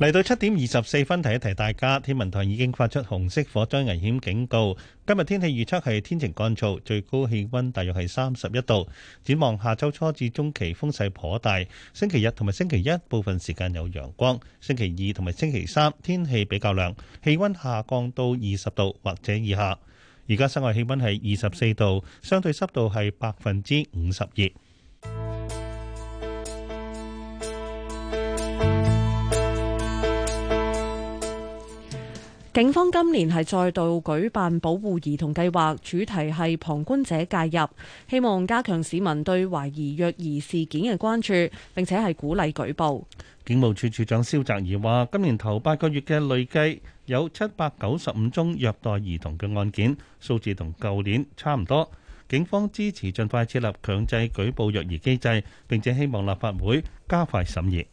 嚟到七點二十四分，提一提大家，天文台已經發出紅色火災危險警告。今日天氣預測係天晴乾燥，最高氣温大約係三十一度。展望下周初至中期風勢頗大，星期日同埋星期一部分時間有陽光，星期二同埋星期三天氣比較涼，氣温下降到二十度或者以下。而家室外氣温係二十四度，相對濕度係百分之五十二。警方今年係再度舉辦保護兒童計劃，主題係旁觀者介入，希望加強市民對懷疑虐兒事件嘅關注，並且係鼓勵舉報。警務處處長蕭澤頤話：今年頭八個月嘅累計有七百九十五宗虐待兒童嘅案件，數字同舊年差唔多。警方支持盡快設立強制舉報虐兒機制，並且希望立法會加快審議。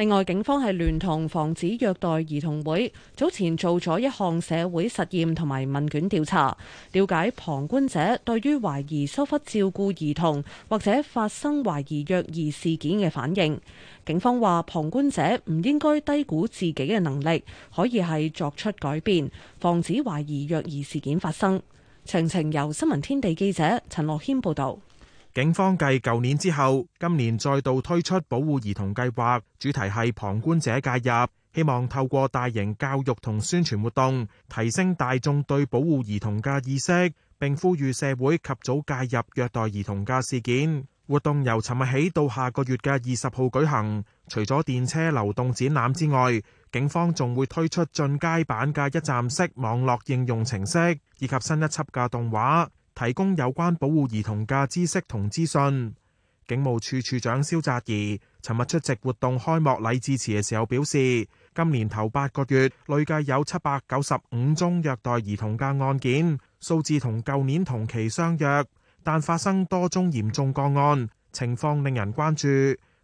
另外，警方係聯同防止虐待兒童會早前做咗一項社會實驗同埋問卷調查，了解旁觀者對於懷疑疏忽照顧兒童或者發生懷疑虐兒事件嘅反應。警方話旁觀者唔應該低估自己嘅能力，可以係作出改變，防止懷疑虐兒事件發生。詳情由新聞天地記者陳樂軒報導。警方繼舊年之後，今年再度推出保護兒童計劃，主題係旁觀者介入，希望透過大型教育同宣傳活動，提升大眾對保護兒童嘅意識，並呼籲社會及早介入虐待兒童嘅事件。活動由尋日起到下個月嘅二十號舉行。除咗電車流動展覽之外，警方仲會推出進階版嘅一站式網絡應用程式，以及新一輯嘅動畫，提供有關保護兒童嘅知識同資訊。警務處處長蕭澤頤尋日出席活動開幕禮致辭嘅時候表示，今年頭八個月累計有七百九十五宗虐待兒童嘅案件，數字同舊年同期相若，但發生多宗嚴重個案，情況令人關注。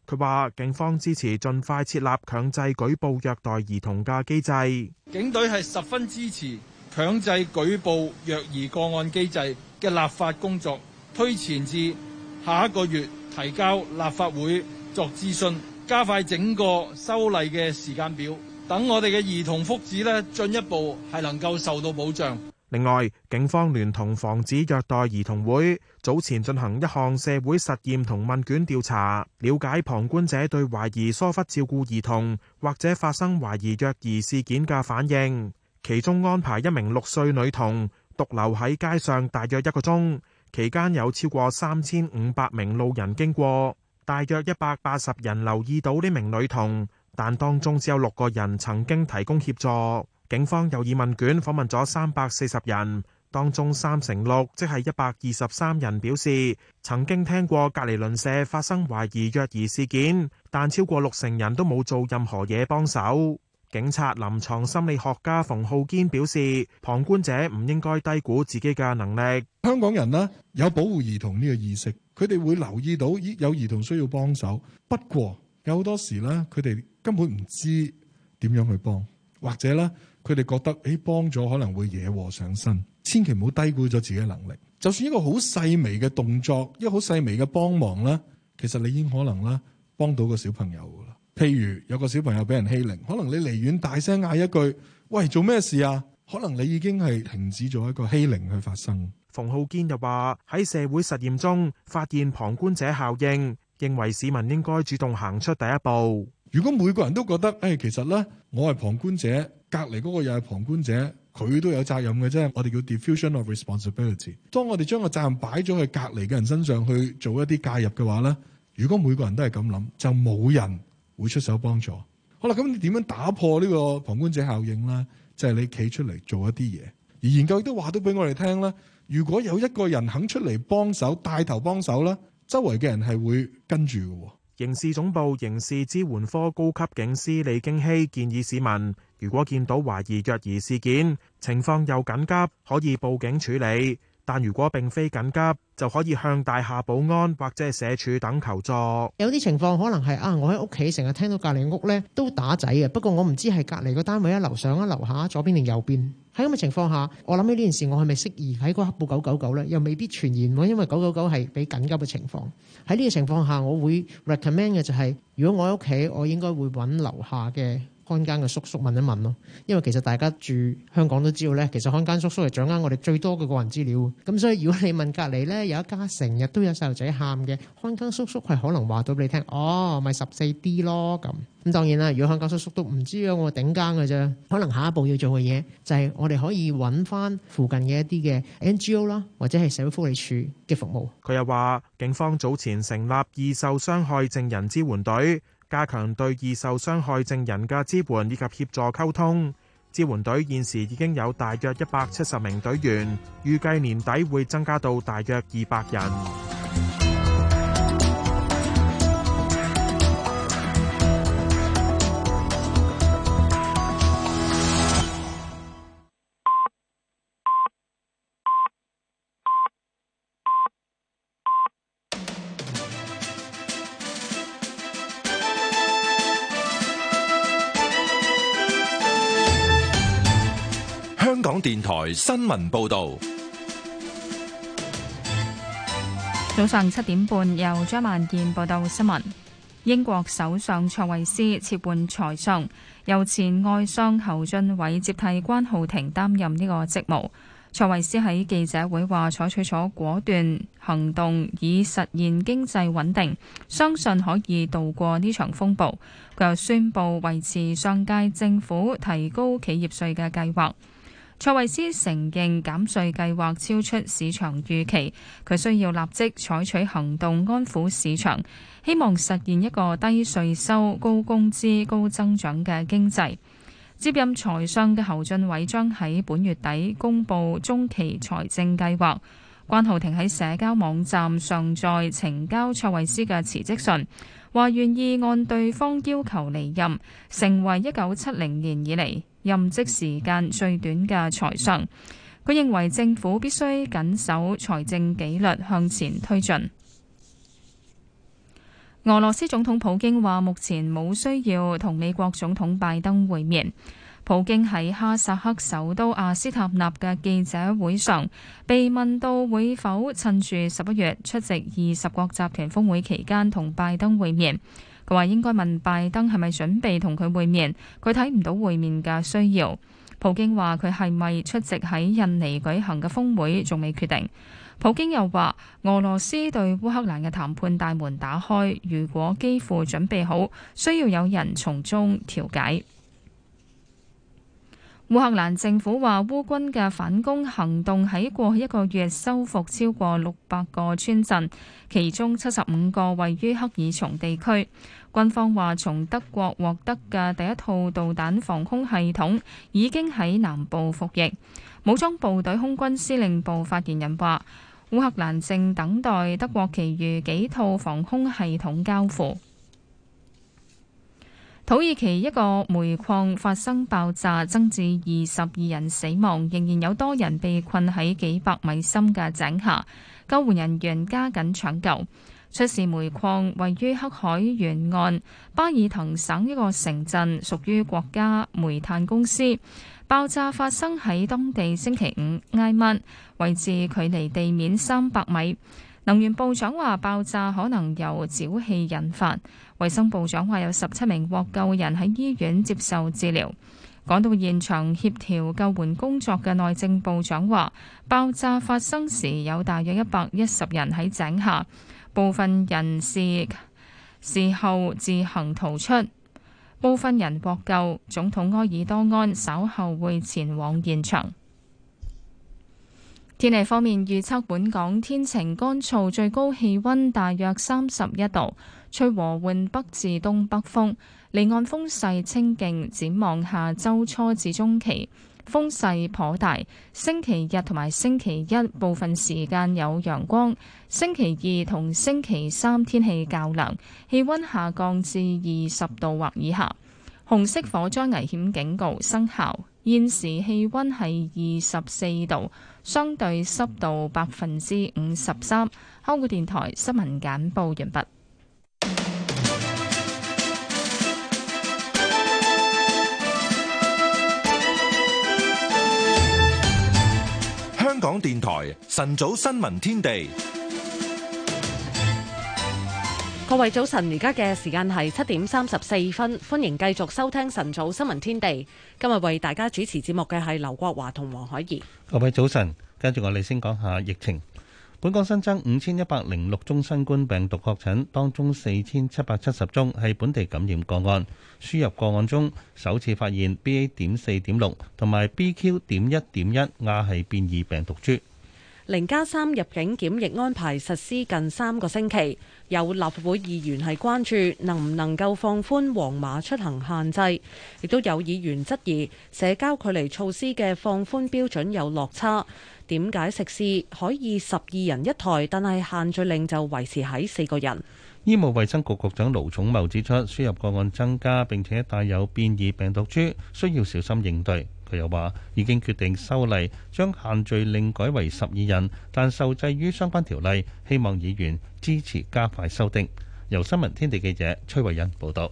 佢話警方支持盡快設立強制舉報虐待兒童嘅機制，警隊係十分支持。強制舉報虐兒個案機制嘅立法工作推前至下一個月提交立法會作諮詢，加快整個修例嘅時間表，等我哋嘅兒童福祉呢進一步係能夠受到保障。另外，警方聯同防止虐待兒童會早前進行一項社會實驗同問卷調查，了解旁觀者對懷疑疏忽照顧兒童或者發生懷疑虐兒事件嘅反應。其中安排一名六歲女童獨留喺街上大約一個鐘，期間有超過三千五百名路人經過，大約一百八十人留意到呢名女童，但當中只有六個人曾經提供協助。警方又以問卷訪問咗三百四十人，當中三成六，即係一百二十三人表示曾經聽過隔籬鄰舍發生懷疑虐兒事件，但超過六成人都冇做任何嘢幫手。警察、臨牀心理學家馮浩堅表示：旁觀者唔應該低估自己嘅能力。香港人咧有保護兒童呢個意識，佢哋會留意到有兒童需要幫手。不過有好多時咧，佢哋根本唔知點樣去幫，或者咧佢哋覺得誒幫咗可能會惹禍上身。千祈唔好低估咗自己嘅能力。就算一個好細微嘅動作，一個好細微嘅幫忙啦，其實你已經可能啦幫到個小朋友。譬如有個小朋友俾人欺凌，可能你離遠大聲嗌一句：喂，做咩事啊？可能你已經係停止咗一個欺凌去發生。馮浩堅就話：喺社會實驗中發現旁觀者效應，認為市民應該主動行出第一步。如果每個人都覺得，誒、欸，其實呢，我係旁觀者，隔離嗰個又係旁觀者，佢都有責任嘅啫。我哋叫 diffusion of responsibility。當我哋將個責任擺咗去隔離嘅人身上去做一啲介入嘅話呢，如果每個人都係咁諗，就冇人會出手幫助。好啦，咁你點樣打破呢個旁觀者效應呢？就係、是、你企出嚟做一啲嘢。而研究亦都話到俾我哋聽啦，如果有一個人肯出嚟幫手、帶頭幫手啦，周圍嘅人係會跟住嘅。刑事總部刑事支援科高級警司李敬希建議市民，如果見到懷疑虐兒事件，情況又緊急，可以報警處理。但如果並非緊急，就可以向大廈保安或者係社署等求助。有啲情況可能係啊，我喺屋企成日聽到隔籬屋咧都打仔嘅。不過我唔知係隔籬個單位啊樓上啊樓下左邊定右邊。喺咁嘅情況下，我諗起呢件事，我係咪適宜喺個黑布九九九呢？又未必傳言，因為九九九係俾緊急嘅情況。喺呢個情況下，我會 recommend 嘅就係、是、如果我喺屋企，我應該會揾樓下嘅。看更嘅叔叔問一問咯，因為其實大家住香港都知道咧，其實看更叔叔係掌握我哋最多嘅個人資料，咁所以如果你問隔離咧有一家成日都有細路仔喊嘅，看更叔叔係可能話到俾你聽，哦，咪十四 D 咯咁。咁當然啦，如果看更叔叔都唔知嘅，我頂更嘅啫。可能下一步要做嘅嘢就係、是、我哋可以揾翻附近嘅一啲嘅 NGO 啦，或者係社會福利署嘅服務。佢又話，警方早前成立易受傷害證人支援隊。加強對易受傷害證人嘅支援以及協助溝通，支援隊現時已經有大約一百七十名隊員，預計年底會增加到大約二百人。香港電台新聞報道，早上七點半由張曼燕報道新聞。英國首相卓慧思撤換財相，由前外相侯俊偉接替關浩庭擔任呢個職務。卓慧思喺記者會話，採取咗果斷行動，以實現經濟穩定，相信可以度過呢場風暴。佢又宣布維持上屆政府提高企業稅嘅計劃。蔡慧思承認減稅計劃超出市場預期，佢需要立即採取行動安撫市場，希望實現一個低稅收、高工資、高增長嘅經濟。接任財相嘅侯俊偉將喺本月底公布中期財政計劃。關浩庭喺社交網站上載呈交蔡慧思嘅辭職信，話願意按對方要求離任，成為一九七零年以嚟任職時間最短嘅財相，佢認為政府必須緊守財政紀律向前推進。俄羅斯總統普京話：目前冇需要同美國總統拜登會面。普京喺哈薩克首都阿斯塔納嘅記者會上被問到會否趁住十一月出席二十國集團峰會期間同拜登會面。佢話應該問拜登係咪準備同佢會面，佢睇唔到會面嘅需要。普京話佢係咪出席喺印尼舉行嘅峰會仲未決定。普京又話俄羅斯對烏克蘭嘅談判大門打開，如果幾乎準備好，需要有人從中調解。烏克蘭政府話，烏軍嘅反攻行動喺過去一個月收復超過六百個村鎮，其中七十五個位於克爾松地區。軍方話，從德國獲得嘅第一套導彈防空系統已經喺南部服役。武裝部隊空軍司令部發言人話，烏克蘭正等待德國其餘幾套防空系統交付。土耳其一個煤礦發生爆炸，增至二十二人死亡，仍然有多人被困喺幾百米深嘅井下，救援人員加緊搶救。出事煤礦位於黑海沿岸巴爾滕省一個城鎮，屬於國家煤炭公司。爆炸發生喺當地星期五挨晚，位置距離地面三百米。能源部長話，爆炸可能由沼氣引發。衛生部長話有十七名獲救人喺醫院接受治療。趕到現場協調救援工作嘅內政部長話，爆炸發生時有大約一百一十人喺井下，部分人士事後自行逃出，部分人獲救。總統埃爾多安稍後會前往現場。天氣方面預測，預測本港天晴乾燥，最高氣溫大約三十一度。吹和緩北至東北風，離岸風勢清勁。展望下周初至中期，風勢頗大。星期日同埋星期一部分時間有陽光，星期二同星期三天氣較涼，氣溫下降至二十度或以下。紅色火災危險警告生效。現時氣溫係二十四度，相對濕度百分之五十三。香港電台新聞簡報完畢。港電台晨早新聞天地，各位早晨，而家嘅時間係七點三十四分，歡迎繼續收聽晨早新聞天地。今日為大家主持節目嘅係劉國華同黃海怡。各位早晨，跟住我哋先講下疫情。本港新增五千一百零六宗新冠病毒確診，當中四千七百七十宗係本地感染個案，輸入個案中首次發現 BA 點四點六同埋 BQ 點一點一亞系變異病毒株。零加三入境檢疫安排實施近三個星期，有立法會議員係關注能唔能夠放寬黃碼出行限制，亦都有議員質疑社交距離措施嘅放寬標準有落差。點解食肆可以十二人一台，但係限聚令就維持喺四個人？醫務衛生局局長盧寵茂指出，輸入個案增加並且帶有變異病毒株，需要小心應對。佢又話：已經決定修例，將限聚令改為十二人，但受制於相關條例，希望議員支持加快修訂。由新聞天地記者崔慧欣報道，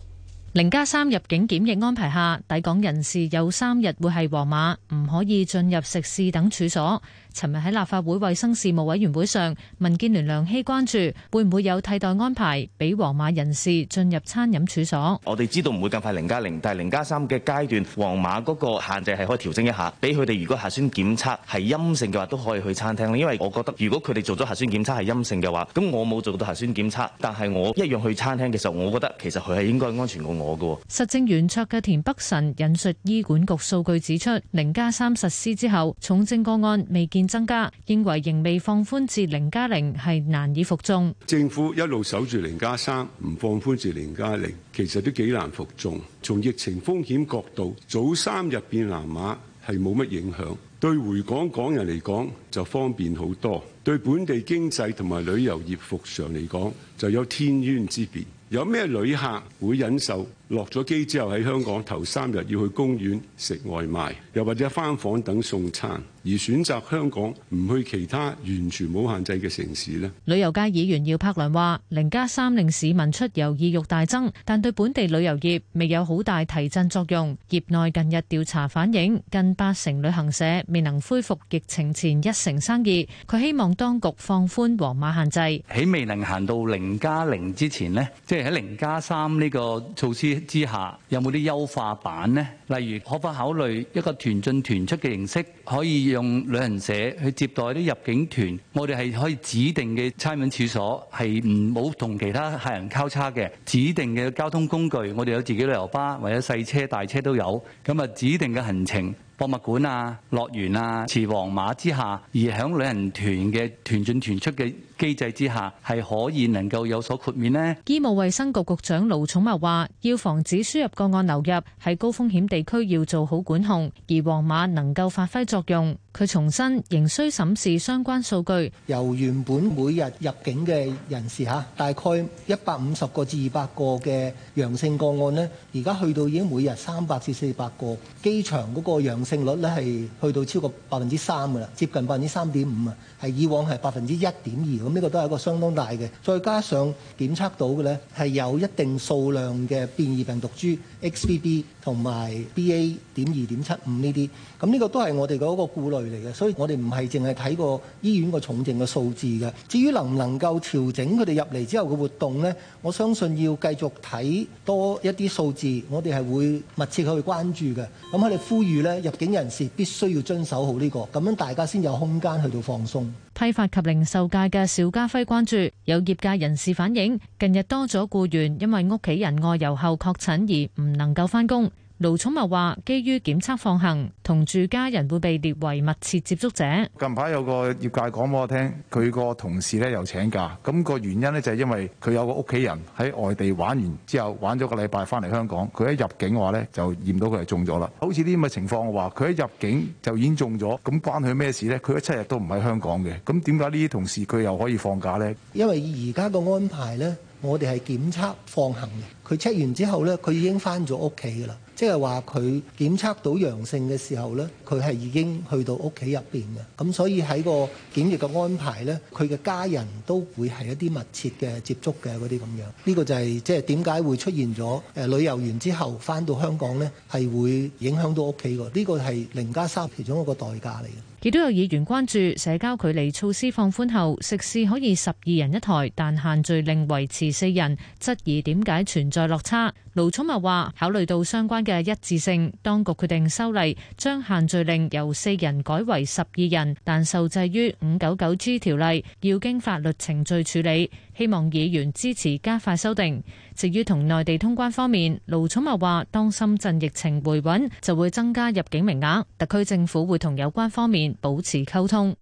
零加三入境檢疫安排下，抵港人士有三日會係黃碼，唔可以進入食肆等處所。尋日喺立法會衞生事務委員會上，民建聯梁希關注會唔會有替代安排俾黃碼人士進入餐飲處所。我哋知道唔會咁快零加零，但係零加三嘅階段，黃碼嗰個限制係可以調整一下，俾佢哋。如果核酸檢測係陰性嘅話，都可以去餐廳。因為我覺得，如果佢哋做咗核酸檢測係陰性嘅話，咁我冇做到核酸檢測，但係我一樣去餐廳嘅時候，我覺得其實佢係應該安全過我嘅。實政圓桌嘅田北辰引述醫管局數據指出，零加三實施之後，重症個案未見增加，認為仍未放寬至零加零係難以服眾。政府一路守住零加三，唔放寬至零加零，其實都幾難服眾。從疫情風險角度，早三日變藍碼，係冇乜影響。對回港港人嚟講，就方便好多，對本地經濟同埋旅遊業復常嚟講，就有天淵之別。有咩旅客會忍受落咗機之後，喺香港頭三日要去公園食外賣，又或者翻房等送餐？而選擇香港唔去其他完全冇限制嘅城市咧，旅遊界議員姚柏良話零加三令市民出遊意欲大增，但對本地旅遊業未有好大提振作用。業內近日調查反映，近八成旅行社未能恢復疫情前一成生意。佢希望當局放寬黃碼限制，喺未能行到零加零之前呢，即係喺零加三呢個措施之下，有冇啲優化版呢？例如可否考慮一個團進團出嘅形式？可以用旅行社去接待啲入境團，我哋係可以指定嘅餐飲處所係唔冇同其他客人交叉嘅，指定嘅交通工具，我哋有自己旅遊巴或者細車大車都有，咁啊指定嘅行程，博物館啊、樂園啊、騎皇馬之下，而響旅行團嘅團進團出嘅。機制之下，係可以能夠有所豁免呢。醫務衛生局局長盧寵茂話，要防止輸入個案流入，喺高風險地區要做好管控，而黃碼能夠發揮作用。佢重申仍需審視相關數據，由原本每日入境嘅人士吓，大概一百五十個至二百個嘅陽性個案咧，而家去到已經每日三百至四百個，機場嗰個陽性率咧係去到超過百分之三噶啦，接近百分之三點五啊，係以往係百分之一點二，咁呢個都係一個相當大嘅，再加上檢測到嘅咧係有一定數量嘅變異病毒株 XBB 同埋 BA 點二點七五呢啲，咁呢個都係我哋嗰個顧慮。嚟嘅，所以我哋唔係淨係睇個醫院個重症嘅數字嘅。至於能唔能夠調整佢哋入嚟之後嘅活動呢？我相信要繼續睇多一啲數字，我哋係會密切去關注嘅。咁我哋呼籲咧，入境人士必須要遵守好呢個，咁樣大家先有空間去到放鬆。批發及零售界嘅邵家輝關注，有業界人士反映，近日多咗僱員因為屋企人外遊後確診而唔能夠翻工。盧寵茂話：基於檢測放行，同住家人會被列為密切接觸者。近排有個業界講俾我聽，佢個同事咧又請假，咁個原因咧就因為佢有個屋企人喺外地玩完之後，玩咗個禮拜翻嚟香港，佢一入境嘅話咧就驗到佢係中咗啦。好似啲咁嘅情況嘅話，佢一入境就已經中咗，咁關佢咩事咧？佢一七日都唔喺香港嘅，咁點解呢啲同事佢又可以放假咧？因為而家嘅安排咧，我哋係檢測放行嘅，佢測完之後咧，佢已經翻咗屋企噶啦。即係話佢檢測到陽性嘅時候，呢佢係已經去到屋企入邊嘅，咁所以喺個檢疫嘅安排呢，佢嘅家人都會係一啲密切嘅接觸嘅嗰啲咁樣。呢個就係即係點解會出現咗誒旅遊完之後翻到香港呢？係會影響到屋企㗎？呢個係零加三其中一個代價嚟嘅。亦都有議員關注社交距離措施放寬後，食肆可以十二人一台，但限聚令維持四人，質疑點解存在落差？盧寵茂話：考慮到相關嘅一致性，當局決定修例，將限聚令由四人改為十二人，但受制於《五九九 G 條例》，要經法律程序處理。希望議員支持加快修訂。至於同內地通關方面，盧寵茂話：當深圳疫情回穩，就會增加入境名額。特區政府會同有關方面保持溝通。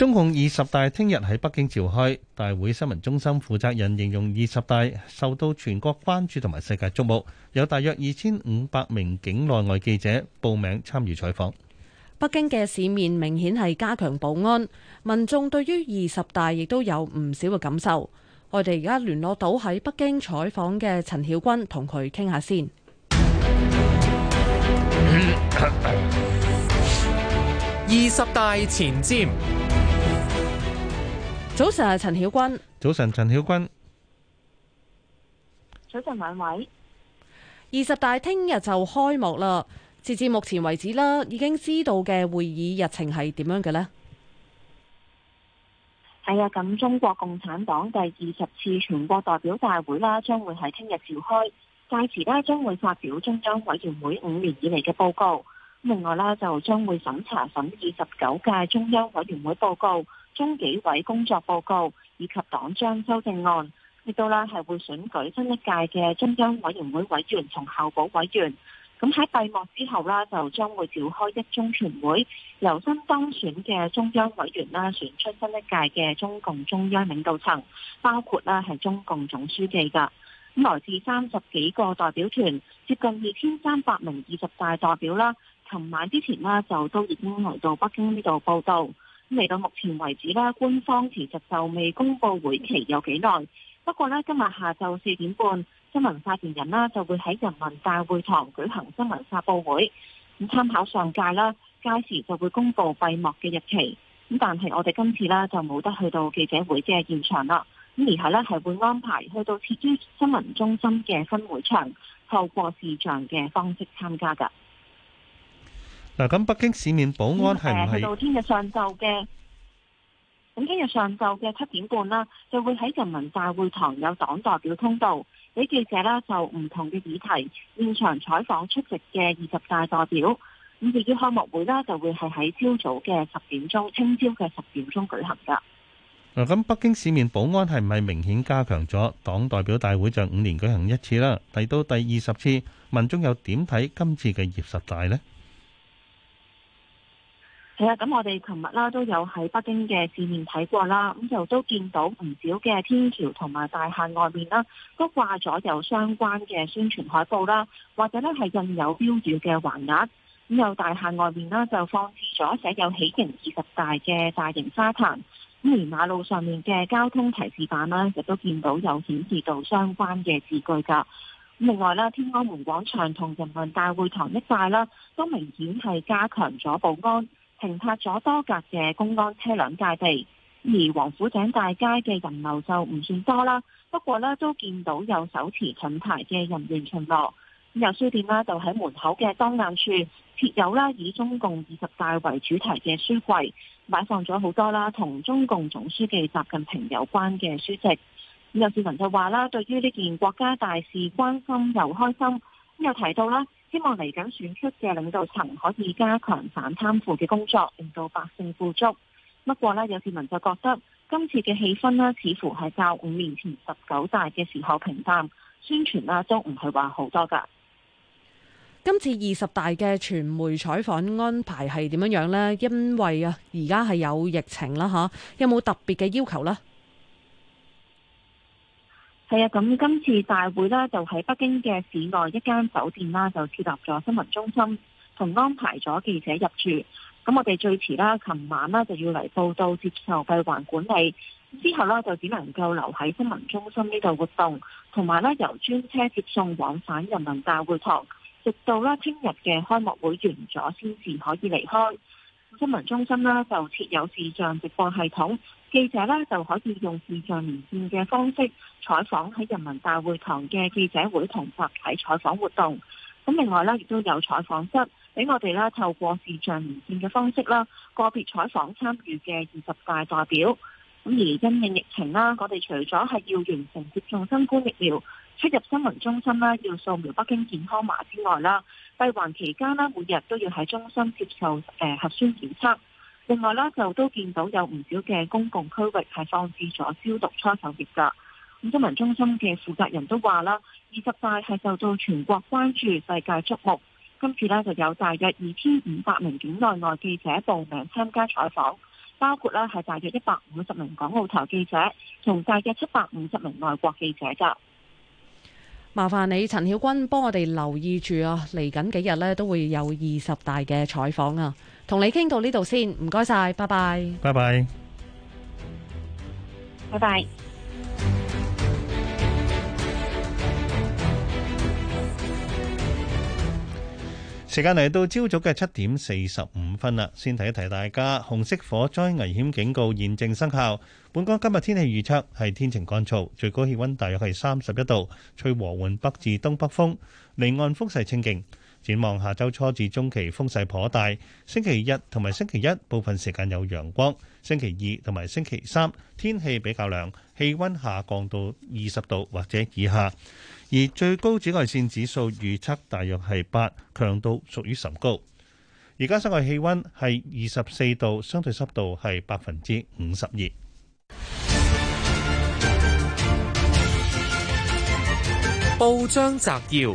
中共二十大聽日喺北京召開，大會新聞中心負責人形容二十大受到全國關注同埋世界矚目，有大約二千五百名境內外記者報名參與採訪。北京嘅市面明顯係加強保安，民眾對於二十大亦都有唔少嘅感受。我哋而家聯絡到喺北京採訪嘅陳曉君，同佢傾下先。二十大前瞻。早晨啊，陳曉君。早晨，陳曉君。早晨，君早晨，晚位。二十大聽日就開幕啦。截至目前為止啦，已經知道嘅會議日程係點樣嘅咧？係啊，咁中國共產黨第二十次全國代表大會啦，將會喺聽日召開。屆時咧，將會發表中央委員會五年以嚟嘅報告。另外啦，就將會審查審議十九屆中央委員會報告。中紀委工作報告以及黨章修正案，亦都啦係會選舉新一屆嘅中央委員會委員同候補委員。咁喺閉幕之後啦，就將會召開一中全會，由新當選嘅中央委員啦，選出新一屆嘅中共中央領導層，包括啦係中共總書記噶。咁來自三十幾個代表團，接近二千三百名二十大代表啦，尋晚之前啦就都已經來到北京呢度報道。咁嚟到目前為止啦，官方其實就未公佈會期有幾耐。不過呢，今日下晝四點半，新聞發言人啦就會喺人民大會堂舉行新聞發佈會。咁參考上屆啦，屆時就會公佈閉幕嘅日期。咁但係我哋今次咧就冇得去到記者會即係現場啦。咁然後呢係會安排去到設於新聞中心嘅分會場，透過視像嘅方式參加㗎。嗱，咁北京市面保安係唔係到聽日上晝嘅？咁聽日上晝嘅七點半啦，就會喺人民大會堂有黨代表通道俾記者啦，就唔同嘅議題現場採訪出席嘅二十大代表。咁直要開幕會啦，就會係喺朝早嘅十點鐘，聽朝嘅十點鐘舉行噶。嗱，咁北京市面保安係唔係明顯加強咗？黨代表大會就五年舉行一次啦，嚟到第二十次，民眾又點睇今次嘅二十大呢？係、嗯、啊，咁我哋琴日啦都有喺北京嘅市面睇過啦，咁、嗯、就都見到唔少嘅天橋同埋大廈外面啦、啊，都掛咗有相關嘅宣傳海報啦、啊，或者咧係印有標語嘅橫額。咁又大廈外面啦、啊、就放置咗寫有喜迎二十大嘅大型花壇。咁、嗯、連馬路上面嘅交通提示板啦、啊，亦都見到有顯示到相關嘅字句㗎。咁另外啦，天安門廣場同人民大會堂一帶啦，都明顯係加強咗保安。停泊咗多格嘅公安車輛戒備，而王府井大街嘅人流就唔算多啦。不過呢，都見到有手持盾牌嘅人員巡邏。有書店啦，就喺門口嘅當眼處設有啦，以中共二十大為主題嘅書櫃，擺放咗好多啦同中共總書記習近平有關嘅書籍。有市民就話啦，對於呢件國家大事，關心又開心。有提到啦，希望嚟緊選出嘅領導層可以加強反貪腐嘅工作，令到百姓富足。不過呢，有市民就覺得今次嘅氣氛呢，似乎係較五年前十九大嘅時候平淡，宣傳啦都唔係話好多㗎。今次二十大嘅傳媒採訪安排係點樣樣呢？因為啊，而家係有疫情啦，吓有冇特別嘅要求呢？係啊，咁今次大會咧就喺北京嘅市內一間酒店啦，就設立咗新聞中心，同安排咗記者入住。咁我哋最遲啦琴晚啦就要嚟報到，接受閉環管理之後啦，就只能夠留喺新聞中心呢度活動，同埋呢由專車接送往返人民大會堂，直到咧聽日嘅開幕會完咗，先至可以離開。新聞中心啦就設有視像直播系統，記者呢就可以用視像連線嘅方式採訪喺人民大會堂嘅記者會同集體採訪活動。咁另外咧亦都有採訪室，俾我哋啦透過視像連線嘅方式啦，個別採訪參與嘅二十大代表。咁而因應疫情啦，我哋除咗係要完成接種新冠疫苗。出入新聞中心啦，要掃描北京健康碼之外啦，閉環期間呢，每日都要喺中心接受誒、呃、核酸檢測。另外啦，就都見到有唔少嘅公共區域係放置咗消毒搓手液噶。咁新聞中心嘅負責人都話啦，二十大係受到全國關注、世界矚目。今次呢，就有大約二千五百名境內外記者報名參加採訪，包括啦係大約一百五十名港澳台記者，同大約七百五十名外國記者噶。麻煩你陳曉君幫我哋留意住啊。嚟緊幾日呢，都會有二十大嘅採訪啊，同你傾到呢度先，唔該晒，拜拜，拜拜，拜拜。時間嚟到朝早嘅七點四十五分啦，先提一提大家，紅色火災危險警告現正生效。本港今日天氣預測係天晴乾燥，最高氣溫大約係三十一度，吹和緩北至東北風，離岸風勢清勁。展望下周初至中期風勢頗大。星期一同埋星期一部分時間有陽光，星期二同埋星期三天氣比較涼，氣溫下降到二十度或者以下，而最高紫外線指數預測大約係八，強度屬於甚高。而家室外氣溫係二十四度，相對濕度係百分之五十二。報章摘要：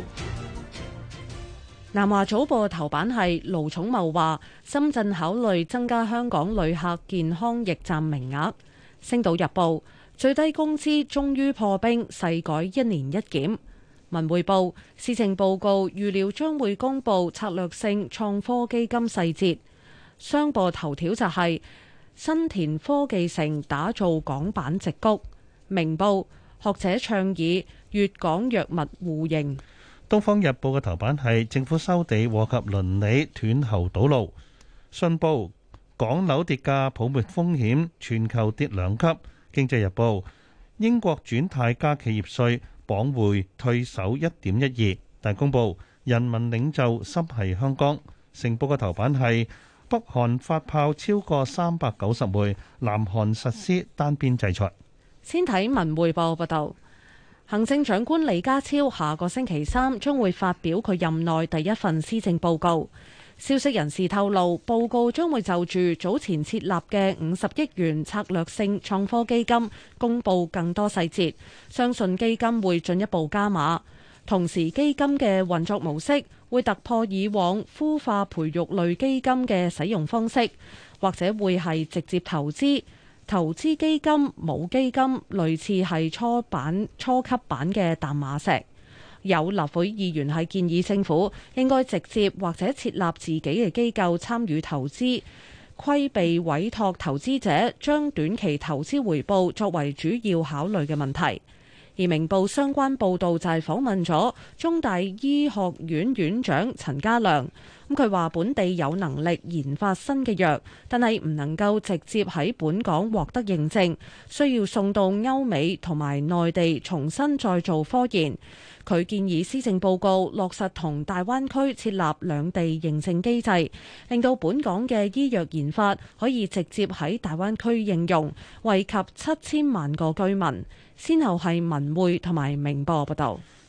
南華早報頭版係盧寵茂話，深圳考慮增加香港旅客健康驛站名額。星島日報，最低工資終於破冰，世改一年一檢。文匯報，施政報告預料將會公布策略性創科基金細節。商報頭條就係、是、新田科技城打造港版直谷。明報，學者倡議。粵港藥物互認。東方日報嘅頭版係政府收地禍及鄰里斷喉堵路。信報：港樓跌價，泡沫風險，全球跌兩級。經濟日報：英國轉軚，加企業稅，鎊匯退守一點一二。大公報：人民領袖心繫香港。成報嘅頭版係北韓發炮超過三百九十枚，南韓實施單邊制裁。先睇文匯報報道。行政長官李家超下個星期三將會發表佢任內第一份施政報告。消息人士透露，報告將會就住早前設立嘅五十億元策略性創科基金公布更多細節。相信基金會進一步加碼，同時基金嘅運作模式會突破以往孵化培育類基金嘅使用方式，或者會係直接投資。投資基金冇基金類似係初版、初級版嘅淡馬錫。有立會議員係建議政府應該直接或者設立自己嘅機構參與投資，規避委託投資者將短期投資回報作為主要考慮嘅問題。而明報相關報導就係訪問咗中大醫學院院長陳家亮。咁佢話本地有能力研發新嘅藥，但係唔能夠直接喺本港獲得認證，需要送到歐美同埋內地重新再做科研。佢建議施政報告落實同大灣區設立兩地認證機制，令到本港嘅醫藥研發可以直接喺大灣區應用，惠及七千萬個居民。先後係文匯同埋明報報道。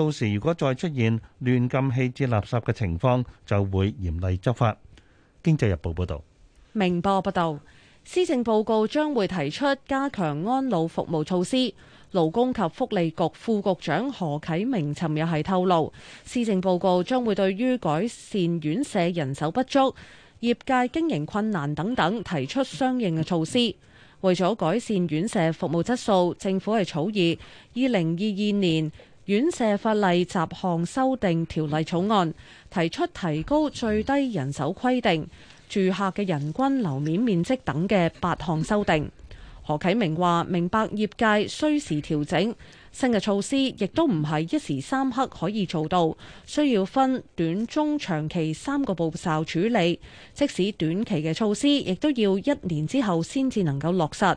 到時如果再出現亂禁棄置垃圾嘅情況，就會嚴厲執法。《經濟日報》報道，明報報道，施政報告將會提出加強安老服務措施。勞工及福利局副局長何啟明尋日係透露，施政報告將會對於改善院舍人手不足、業界經營困難等等提出相應嘅措施。為咗改善院舍服務質素，政府係草擬二零二二年。院舍法例雜項修訂條例草案提出提高最低人手規定、住客嘅人均樓面面積等嘅八項修訂。何啟明話：明白業界需時調整，新嘅措施亦都唔係一時三刻可以做到，需要分短、中、長期三個步驟處理。即使短期嘅措施，亦都要一年之後先至能夠落實。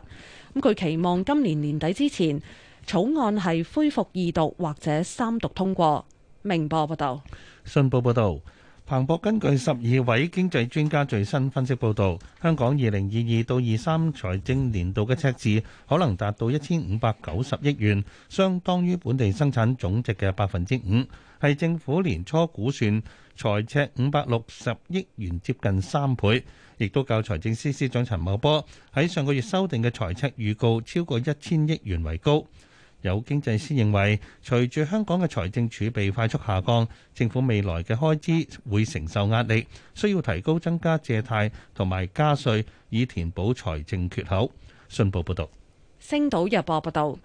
咁佢期望今年年底之前，草案係恢復二讀或者三讀通過。明報報道，信報報道，彭博根據十二位經濟專家最新分析報道，香港二零二二到二三財政年度嘅赤字可能達到一千五百九十億元，相當於本地生產總值嘅百分之五，係政府年初估算財赤五百六十億元，接近三倍，亦都較財政司司長陳茂波喺上個月修訂嘅財赤預告超過一千億元為高。有經濟師認為，隨住香港嘅財政儲備快速下降，政府未來嘅開支會承受壓力，需要提高增加借貸同埋加稅，以填補財政缺口。信報報導，星島日報報導。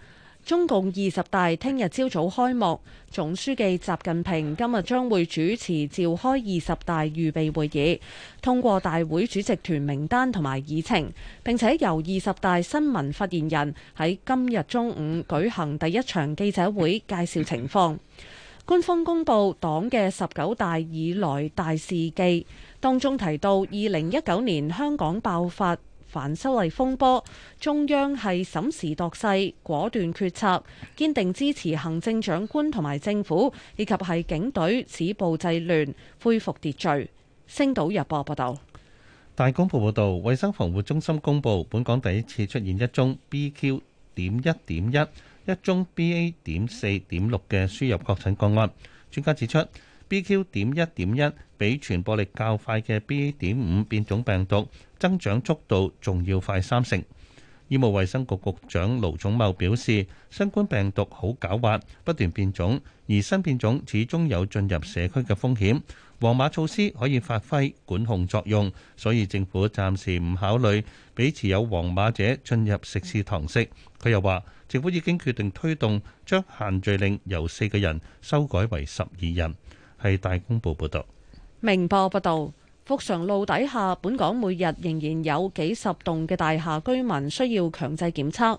中共二十大聽日朝早開幕，總書記習近平今日將會主持召開二十大預備會議，通過大會主席團名單同埋議程，並且由二十大新聞發言人喺今日中午舉行第一場記者會介紹情況。官方公布黨嘅十九大以來大事記，當中提到二零一九年香港爆發。反修例風波，中央係審時度勢，果斷決策，堅定支持行政長官同埋政府，以及係警隊止暴制亂，恢復秩序。星島日報報道。大公報報道，衞生防護中心公布，本港第一次出現一宗 BQ. 點一點一、一宗 BA. 點四點六嘅輸入確診個案。專家指出，BQ. 點一點一比傳播力較快嘅 BA. 點五變種病毒增長速度仲要快三成。醫務衞生局局長盧寵茂表示，新冠病毒好狡猾，不斷變種，而新變種始終有進入社區嘅風險。黃碼措施可以發揮管控作用，所以政府暫時唔考慮俾持有黃碼者進入食肆堂食。佢又話，政府已經決定推動將限聚令由四個人修改為十二人。係大公報報道，明報報道，復常路底下，本港每日仍然有幾十棟嘅大廈居民需要強制檢測。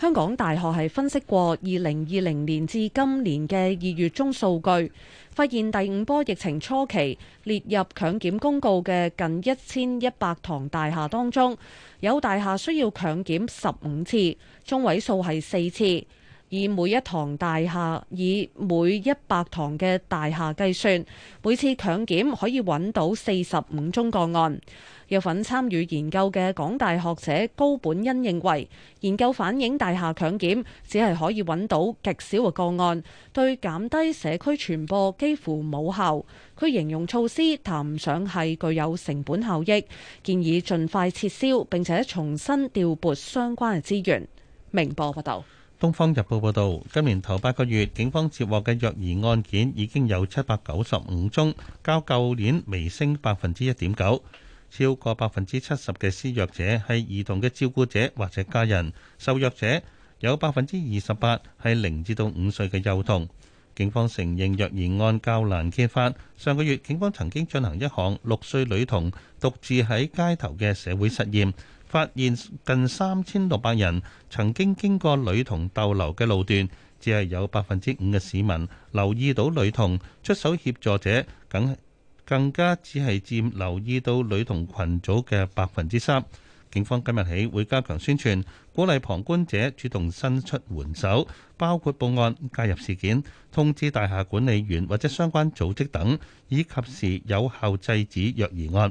香港大學係分析過二零二零年至今年嘅二月中數據，發現第五波疫情初期列入強檢公告嘅近一千一百幢大廈當中，有大廈需要強檢十五次，中位數係四次。以每一堂大廈，以每一百堂嘅大廈計算，每次強檢可以搵到四十五宗個案。有份參與研究嘅港大學者高本恩認為，研究反映大廈強檢只係可以搵到極少嘅個案，對減低社區傳播幾乎冇效。佢形容措施談唔上係具有成本效益，建議盡快撤銷，並且重新調撥相關嘅資源。明報報道。《東方日報》報導，今年頭八個月，警方接獲嘅虐兒案件已經有七百九十五宗，較舊年微升百分之一點九。超過百分之七十嘅施虐者係兒童嘅照顧者或者家人，受虐者有百分之二十八係零至到五歲嘅幼童。警方承認虐兒案較難揭發，上個月警方曾經進行一項六歲女童獨自喺街頭嘅社會實驗。發現近三千六百人曾經經過女童逗留嘅路段，只係有百分之五嘅市民留意到女童出手協助者，更更加只係佔留意到女童群組嘅百分之三。警方今日起會加強宣傳，鼓勵旁觀者主動伸出援手，包括報案、介入事件、通知大廈管理員或者相關組織等，以及時有效制止虐兒案。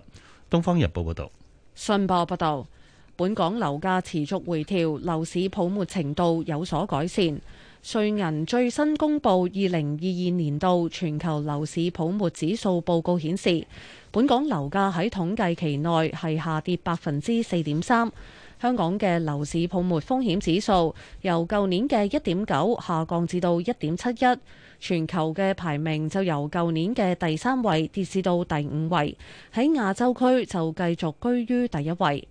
《東方日報》報道。信報報道。本港樓價持續回調，樓市泡沫程度有所改善。瑞銀最新公布二零二二年度全球樓市泡沫指數報告顯示，本港樓價喺統計期內係下跌百分之四點三。香港嘅樓市泡沫風險指數由舊年嘅一點九下降至到一點七一，全球嘅排名就由舊年嘅第三位跌至到第五位。喺亞洲區就繼續居於第一位。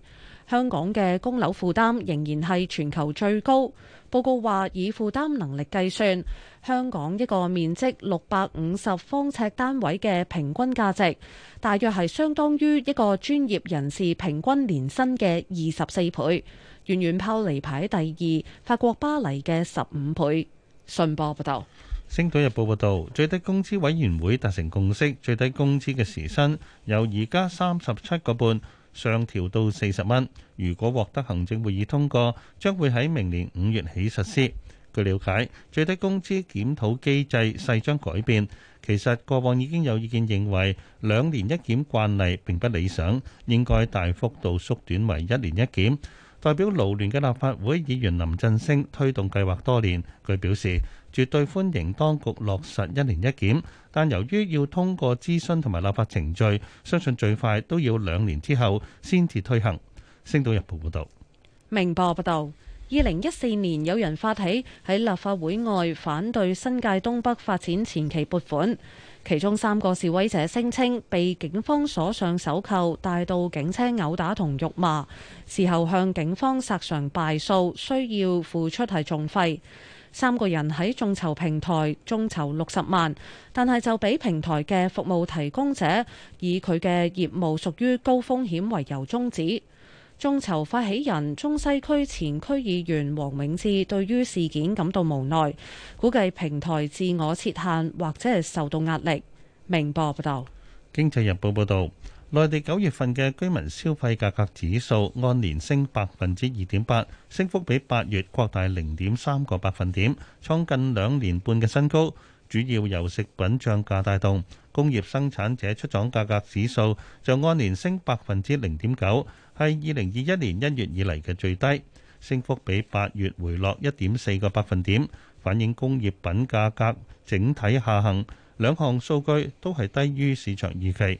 香港嘅供樓負擔仍然係全球最高。報告話，以負擔能力計算，香港一個面積六百五十方尺單位嘅平均價值，大約係相當於一個專業人士平均年薪嘅二十四倍，遠遠拋離排第二法國巴黎嘅十五倍。信報報道，《星島日報》報道，最低工資委員會達成共識，最低工資嘅時薪由而家三十七個半。上調到四十蚊，如果獲得行政會議通過，將會喺明年五月起實施。據了解，最低工資檢討機制勢將改變。其實過往已經有意見認為，兩年一檢慣例並不理想，應該大幅度縮短為一年一檢。代表勞聯嘅立法會議員林振昇推動計劃多年，佢表示絕對歡迎當局落實一年一檢。但由於要通過諮詢同埋立法程序，相信最快都要兩年之後先至推行。星島日報報道。明報報道。二零一四年有人發起喺立法會外反對新界東北發展前期撥款，其中三個示威者聲稱被警方鎖上手扣，帶到警車毆打同辱罵，事後向警方索償敗訴，需要付出係訟費。三個人喺眾籌平台眾籌六十萬，但係就俾平台嘅服務提供者以佢嘅業務屬於高風險為由終止。眾籌發起人中西區前區議員黃永志對於事件感到無奈，估計平台自我設限或者係受到壓力。明報報道。《經濟日報》報道。內地九月份嘅居民消費價格指數按年升百分之二點八，升幅比八月擴大零點三個百分點，創近兩年半嘅新高，主要由食品漲價帶動。工業生產者出廠價格指數就按年升百分之零點九，係二零二一年一月以嚟嘅最低，升幅比八月回落一點四個百分點，反映工業品價格整體下行。兩項數據都係低於市場預期。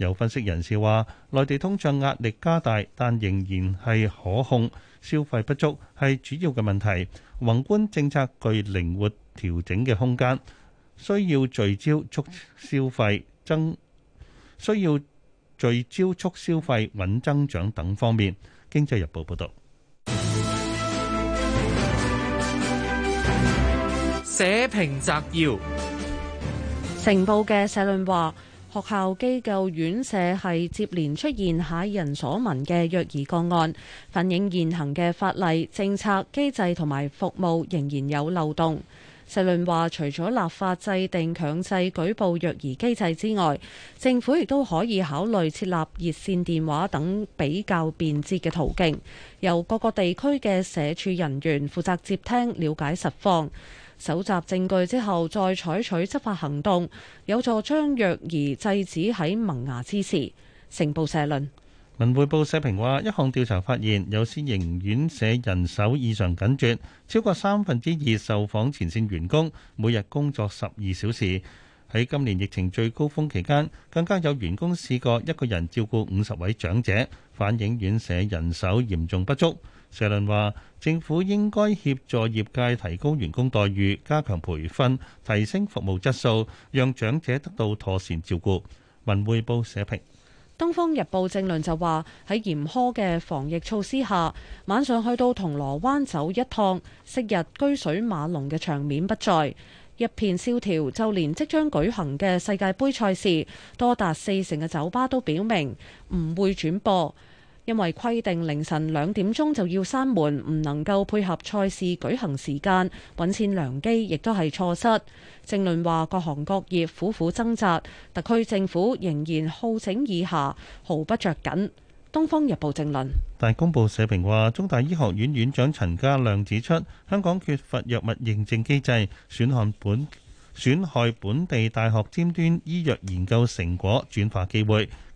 有分析人士話，內地通脹壓力加大，但仍然係可控，消費不足係主要嘅問題。宏觀政策具靈活調整嘅空間，需要聚焦促消費增、增需要聚焦促消費、穩增長等方面。經濟日報報導。社評摘要，成報嘅社論話。學校機構院舍係接連出現駭人所聞嘅虐兒個案，反映現行嘅法例、政策、機制同埋服務仍然有漏洞。社論話，除咗立法制定強制舉報虐兒機制之外，政府亦都可以考慮設立熱線電話等比較便捷嘅途徑，由各個地區嘅社署人員負責接聽、了解實況。搜集證據之後再採取執法行動，有助將虐兒制止喺萌芽之時。成報社論，文匯報社評話，一項調查發現，有私營院舍人手異常緊缺，超過三分之二受訪前線員工每日工作十二小時。喺今年疫情最高峰期間，更加有員工試過一個人照顧五十位長者，反映院舍人手嚴重不足。社論話，政府應該協助業界提高員工待遇，加強培訓，提升服務質素，讓長者得到妥善照顧。文匯報社評，《東方日報政論》政論就話，喺嚴苛嘅防疫措施下，晚上去到銅鑼灣走一趟，昔日車水馬龍嘅場面不再。一片蕭條。就連即將舉行嘅世界盃賽事，多達四成嘅酒吧都表明唔會轉播。因為規定凌晨兩點鐘就要閂門，唔能夠配合賽事舉行時間，搵錢良機亦都係錯失。政論話各行各業苦苦掙扎，特區政府仍然好整以暇，毫不着緊。東方日報政論，大公報社評話，中大醫學院院長陳家亮指出，香港缺乏藥物認證機制，損害本損害本地大學尖端醫藥研究成果轉化機會。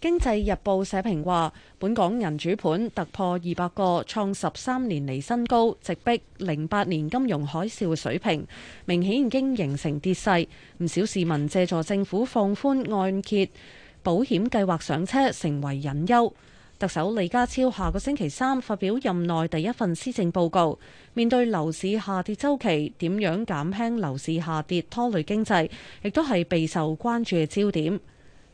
經濟日報社評話，本港銀主盤突破二百個，創十三年嚟新高，直逼零八年金融海嘯嘅水平，明顯已經形成跌勢。唔少市民借助政府放寬按揭保險計劃上車，成為隱憂。特首李家超下個星期三發表任內第一份施政報告，面對樓市下跌周期，點樣減輕樓市下跌拖累經濟，亦都係備受關注嘅焦點。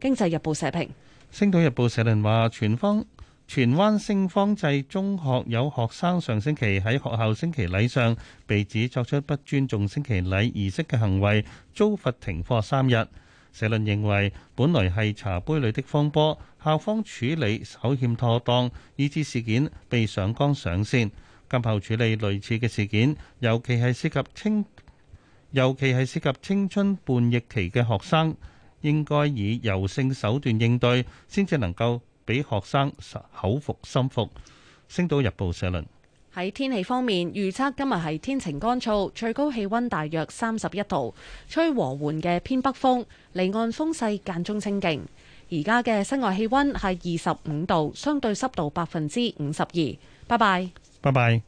經濟日報社評。星島日報社論話：荃方荃灣聖方濟中學有學生上星期喺學校升旗禮上被指作出不尊重升旗禮儀式嘅行為，遭罰停課三日。社論認為，本來係茶杯裏的風波，校方處理稍欠妥當，以致事件被上綱上線。今後處理類似嘅事件，尤其係涉及青，尤其係涉及青春叛逆期嘅學生，應該以柔性手段應對，先至能夠俾學生口服心服。星島日報社論喺天氣方面預測，預測今日係天晴乾燥，最高氣温大約三十一度，吹和緩嘅偏北風，離岸風勢間中清勁。而家嘅室外氣温係二十五度，相對濕度百分之五十二。拜拜，拜拜。